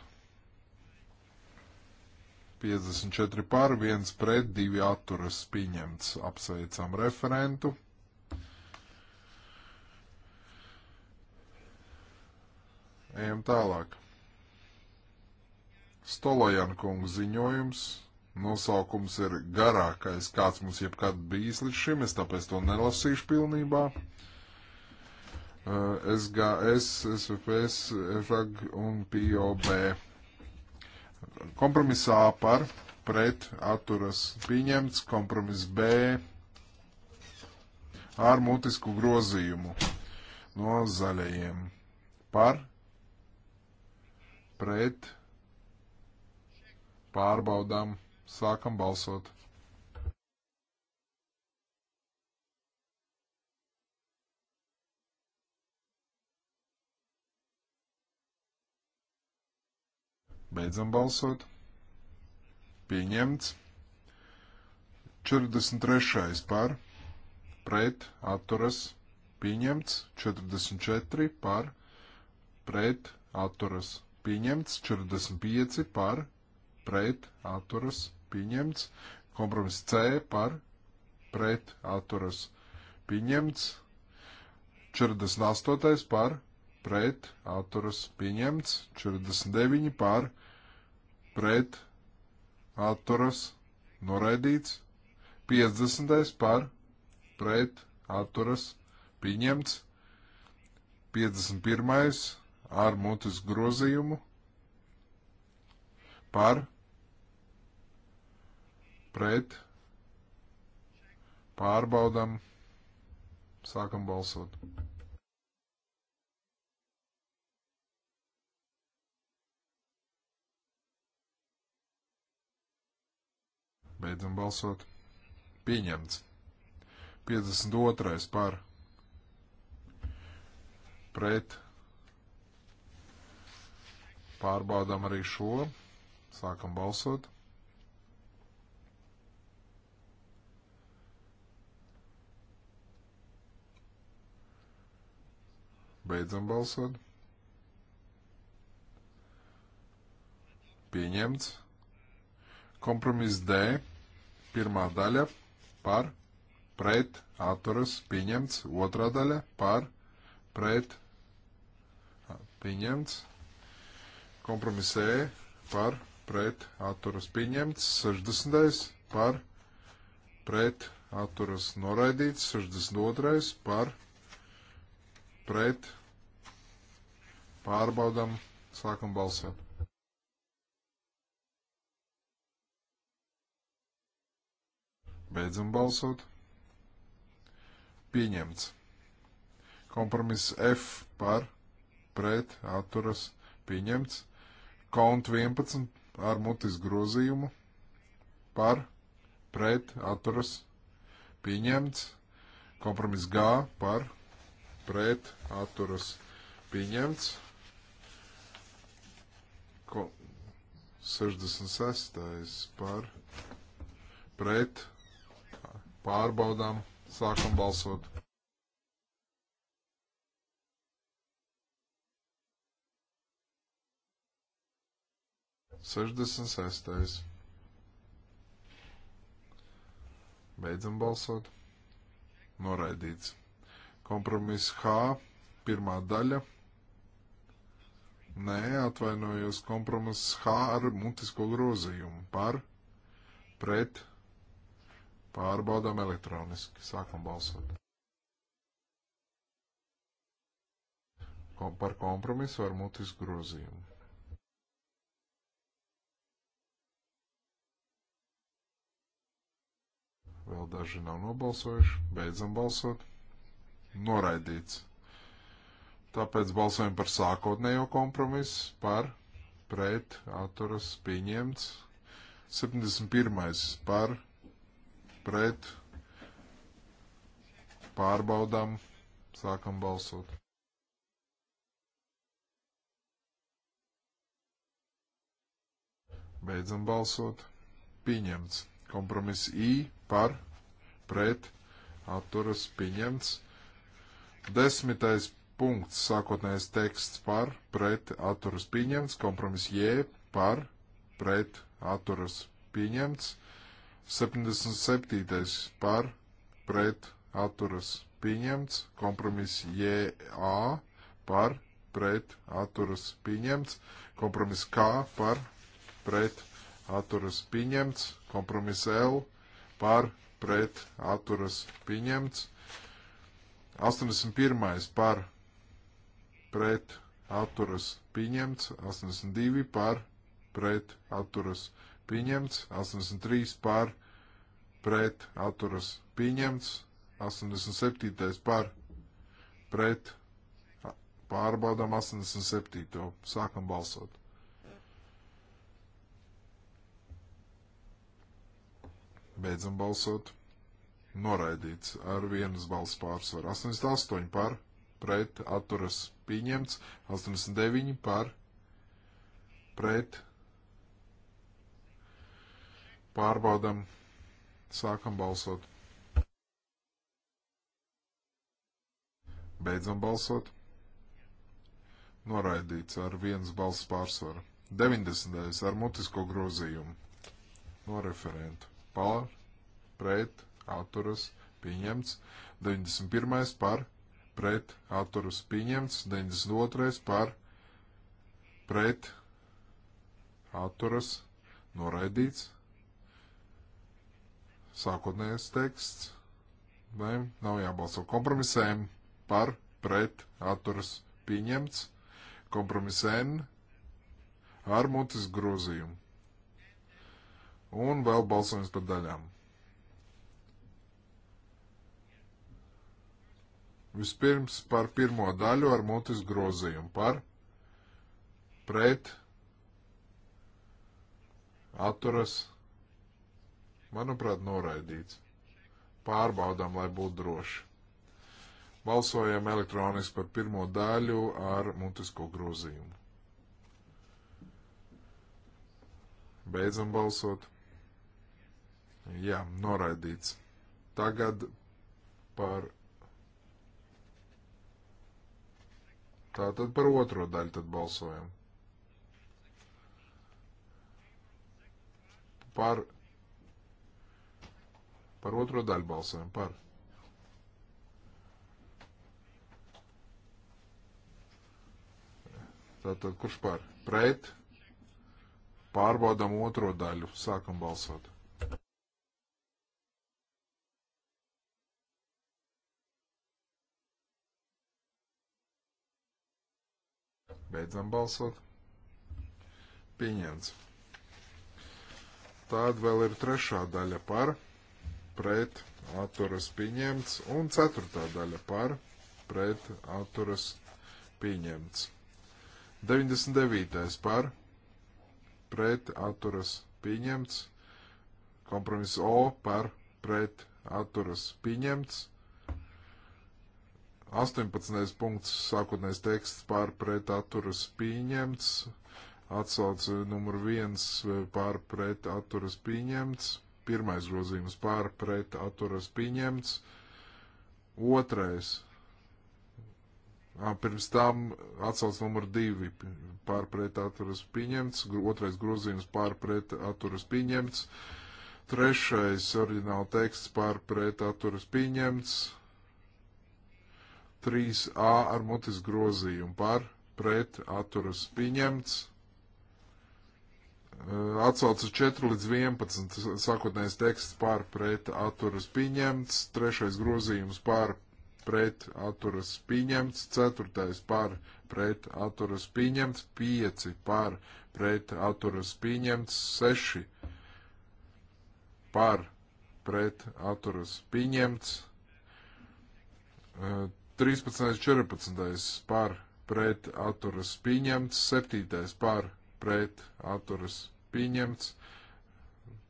54 par, 1 pret, 2 atturas pieņemts. Apsveicam referentu. Ejam tālāk. Stolojankungs ziņojums Nosaukums ir garākais, kāds mums jebkad bijis līdz šim, es tāpēc to nelasīšu pilnībā. Eh, SGS, SFS, FAG un POB. Kompromisā par, pret, atturas pieņemts, kompromiss B ar mutisku grozījumu no zaļajiem. Par, pret, pārbaudām Sākam balsot. Beidzam balsot. Pieņemts. 43. par, pret, atturas, pieņemts. 44. par, pret, atturas, pieņemts. 45. par, pret, atturas, pieņemts pieņemts. Kompromiss C par pret atturas pieņemts. 48. par pret atturas pieņemts. 49. par pret atturas noraidīts. 50. par pret atturas pieņemts. 51. ar mutis grozījumu par pret, pārbaudam, sākam balsot. Beidzam balsot. Pieņemts. 52. par pret. Pārbaudām arī šo. Sākam balsot. Beidzam balsot. Pieņemts. Kompromiss D. Pirmā daļa par pret atturas pieņemts. Otrā daļa par pret pieņemts. Kompromiss E par pret atturas pieņemts. 60. par pret atturas noraidīts. 62. par pret pret, pārbaudam, sākam balsot. Beidzam balsot. Pieņemts. Kompromiss F par, pret, atturas, pieņemts. Kont 11 ar mutis grozījumu par, pret, atturas, pieņemts. Kompromiss G par, pret atturas pieņemts. Ko 66. par pret pārbaudām sākam balsot. Sešdesmit sestais. Beidzam balsot. Noraidīts. Kompromiss H, pirmā daļa. Nē, atvainojos, kompromiss H ar mutisko grozījumu par, pret, pārbaudām elektroniski. Sākam balsot. Kom par kompromisu ar mutisku grozījumu. Vēl daži nav nobalsojuši. Beidzam balsot noraidīts. Tāpēc balsojam par sākotnējo kompromisu, par pret atturas pieņemts. 71. par pret pārbaudām, sākam balsot. Beidzam balsot. Pieņemts. Kompromiss I par pret atturas pieņemts. Desmitais punkts, sākotnējais teksts par, pret, atturas pieņemts, kompromiss J par, pret, atturas pieņemts, 77. par, pret, atturas pieņemts, kompromiss JA par, pret, atturas pieņemts, kompromiss K par, pret, atturas pieņemts, kompromiss L par, pret, atturas pieņemts, 81. par pret atturas pieņemts, 82 par pret atturas pieņemts, 83 par pret atturas pieņemts, 87. par pret pārbaudām 87. sākam balsot. Beidzam balsot noraidīts ar vienas balss pārsvaru. 88 par, pret, atturas pieņemts, 89 par, pret, pārbaudam, sākam balsot. Beidzam balsot. Noraidīts ar vienas balss pārsvaru. 90. ar mutisko grozījumu no referentu. Pār, pret, atturas pieņemts, 91. par pret atturas pieņemts, 92. par pret atturas noraidīts, sākotnējais teksts, vai nav jābalso kompromisēm par pret atturas pieņemts, kompromisēm ar mutes grozījumu. Un vēl balsojums par daļām. Vispirms par pirmo daļu ar mutis grozījumu par pret atturas, manuprāt, noraidīts. Pārbaudām, lai būtu droši. Balsojam elektroniski par pirmo daļu ar mutisko grozījumu. Beidzam balsot. Jā, noraidīts. Tagad par Tātad par otro daļu tad balsojam. Par, par otro daļu balsojam. Par. Tātad kurš par? Pret. Pārbaudam otro daļu. Sākam balsot. Beidzam balsot. Pieņemts. Tāda vēl ir trešā daļa par, pret, atturas pieņemts, un ceturtā daļa par, pret, atturas pieņemts. 99. par, pret, atturas pieņemts, kompromiss O par, pret, atturas pieņemts, 18. punkts, sākotnējais teksts pār pret atturas pieņemts, atsauce numur 1 pār pret atturas pieņemts, pirmais grozījums pār pret atturas pieņemts, otrais, a, pirms tam atsauce numur 2 pār pret atturas pieņemts, otrais grozījums pār pret atturas pieņemts, trešais oriģināla teksts pār pret atturas pieņemts, 3A ar mutis grozījumu par pret atturas pieņemts. Atsaucas 4 līdz 11 sākotnējais teksts par pret atturas pieņemts, trešais grozījums par pret atturas pieņemts, ceturtais par pret atturas pieņemts, pieci par pret atturas pieņemts, seši par pret atturas pieņemts, 13. 14. par pret atturas pieņemts, 7. par pret atturas pieņemts,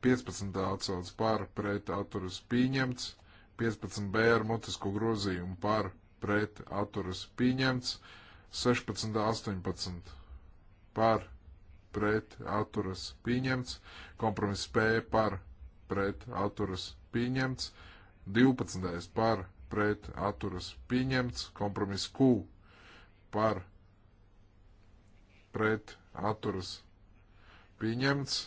15. atsauc par pret atturas pieņemts, 15b ar mutisku grozījumu par pret atturas pieņemts, 16, 18 par pret atturas pieņemts, kompromiss P par pret atturas pieņemts, 12 par pret atturas pieņemts, kompromiss Q par pret atturas pieņemts,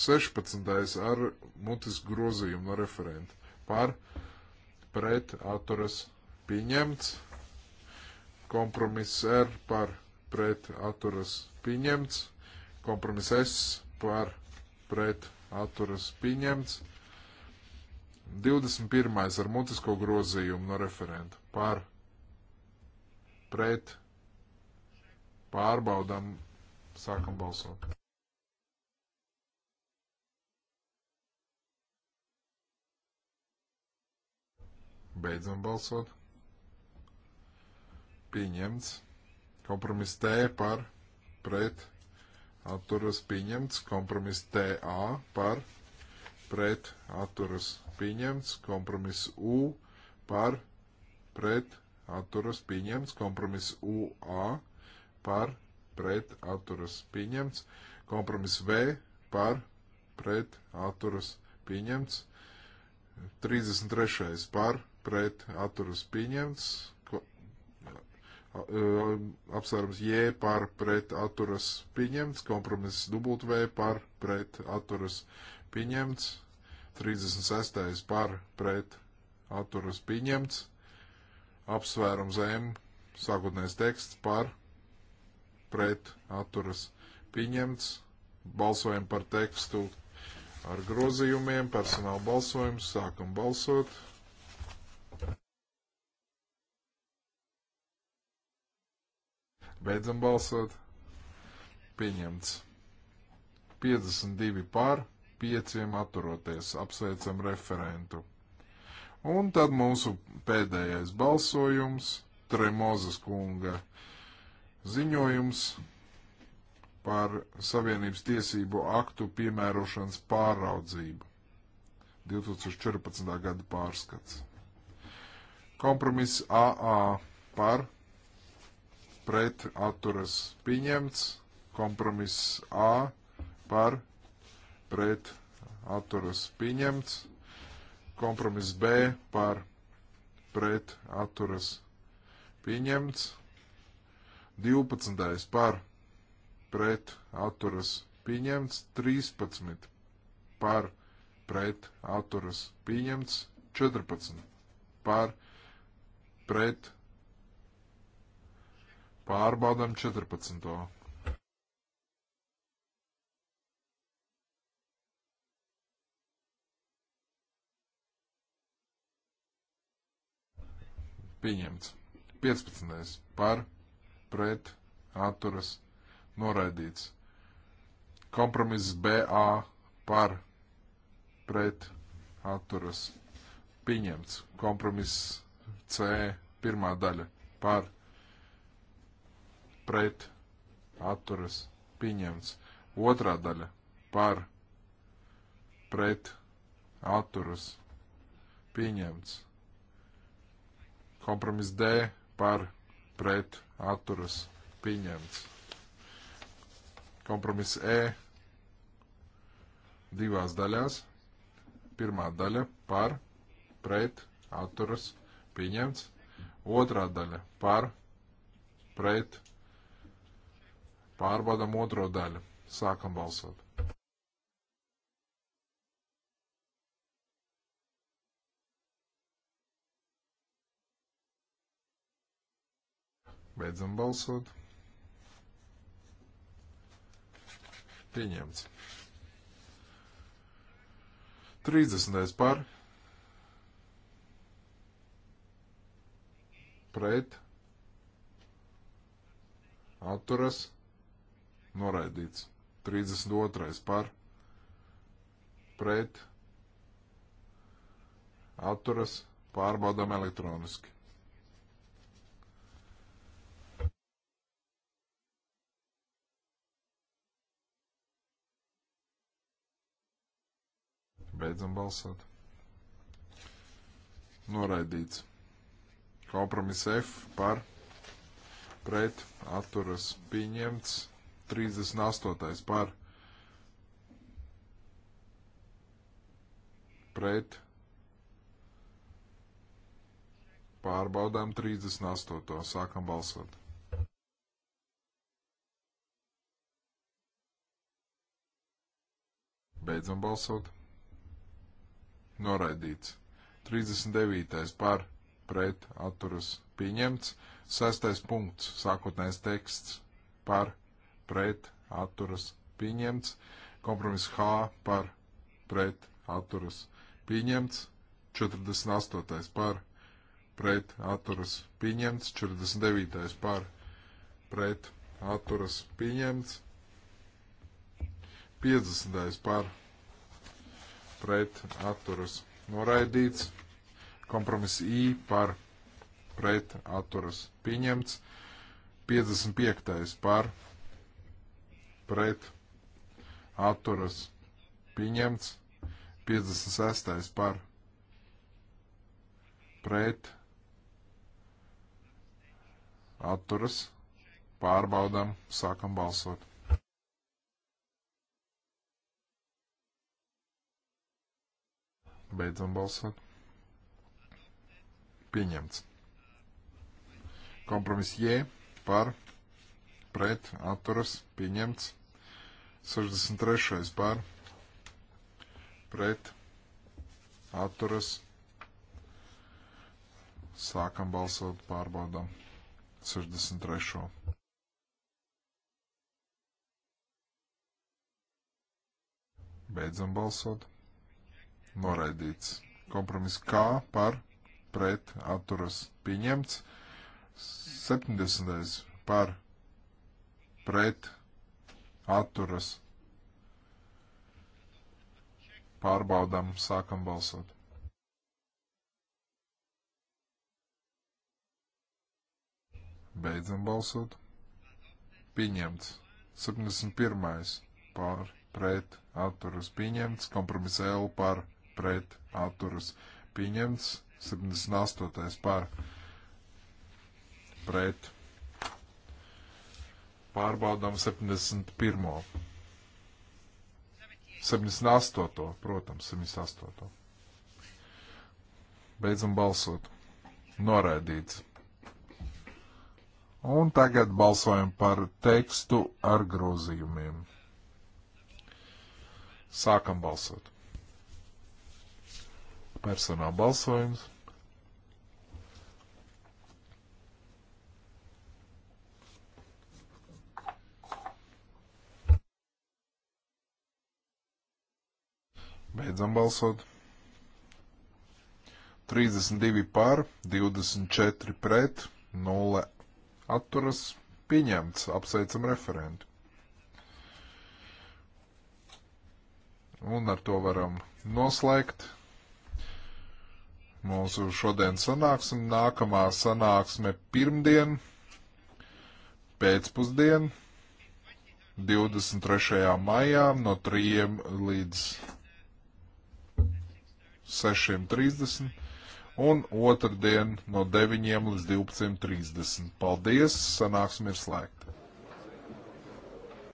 16. ar mutisku grozījumu no referenta par pret atturas pieņemts, kompromiss R par pret atturas pieņemts, kompromiss S par pret atturas pieņemts, 21. ar mutisko grozījumu no referenta par pret pārbaudām, sākam balsot. Beidzam balsot. Pieņemts. Kompromiss T par pret atturas pieņemts. Kompromiss TA par pret atturas pieņemts, kompromiss U par pret atturas pieņemts, kompromiss UA par pret atturas pieņemts, kompromiss V par pret atturas pieņemts, 33. par pret atturas pieņemts, apsvērums J par pret atturas pieņemts, kompromiss W par pret atturas pieņemts, 36. par pret atturas pieņemts. Apsvērums M sākotnējais teksts par pret atturas pieņemts. Balsojam par tekstu ar grozījumiem, personāla balsojums, sākam balsot. Beidzam balsot. Pieņemts. 52 pār, pieciem atturoties. Apsveicam referentu. Un tad mūsu pēdējais balsojums - Tremozas kunga ziņojums par Savienības tiesību aktu piemērošanas pāraudzību. 2014. gada pārskats. Kompromiss AA par pret atturas pieņemts, kompromiss A par pret atturas pieņemts. Kompromiss B par pret atturas pieņemts. 12. par pret atturas pieņemts. 13. par pret atturas pieņemts. 14. par pret pārbaudam 14. pieņemts. 15. par, pret, atturas, noraidīts. Kompromiss BA par, pret, atturas, pieņemts. Kompromiss C pirmā daļa par, pret, atturas, pieņemts. Otrā daļa par, pret, atturas, pieņemts Kompromiss D par pret atturas pieņemts. Kompromiss E divās daļās. Pirmā daļa par pret atturas pieņemts. Otrā daļa par pret pārbaudam otro daļu. Sākam balsot. Beidzam balsot. Pieņemts. 30. par. Pret. Atturas. Noraidīts. 32. par. Pret. Atturas. Pārbaudām elektroniski. Beidzam balsot. Noraidīts. Kompromiss F par pret atturas pieņemts. 38. par pret pārbaudām 38. sākam balsot. Beidzam balsot noraidīts. 39. par pret atturas pieņemts. 6. punkts sākotnējais teksts par pret atturas pieņemts. Kompromiss H par pret atturas pieņemts. 48. par pret atturas pieņemts. 49. par pret atturas pieņemts. 50. par pret pret atturas noraidīts. Kompromiss I par pret atturas pieņemts. 55. par pret atturas pieņemts. 56. par pret atturas pārbaudām, sākam balsot. Beidzam balsot. Pieņemts. Kompromiss J par pret atturas pieņemts. 63. par pret atturas. Sākam balsot, pārbaudam 63. Beidzam balsot noraidīts. Kompromiss K par pret atturas pieņemts. 70. par pret atturas pārbaudām, sākam balsot. Beidzam balsot. Pieņemts. 71. pār pret atturas pieņemts. Kompromiss L par pret pret atturas pieņemts. 78. par pret pārbaudām 71. 78. protams, 78. Beidzam balsot. Noraidīts. Un tagad balsojam par tekstu ar grozījumiem. Sākam balsot personāla balsojums. Beidzam balsot. 32 pār, 24 pret, 0 atturas, pieņemts, apsveicam referentu. Un ar to varam noslēgt mūsu šodienas sanāksmi. Nākamā sanāksme pirmdien pēcpusdien 23. maijā no 3 līdz 6.30 un otrdien no 9 līdz 12.30. Paldies, sanāksim ir slēgta.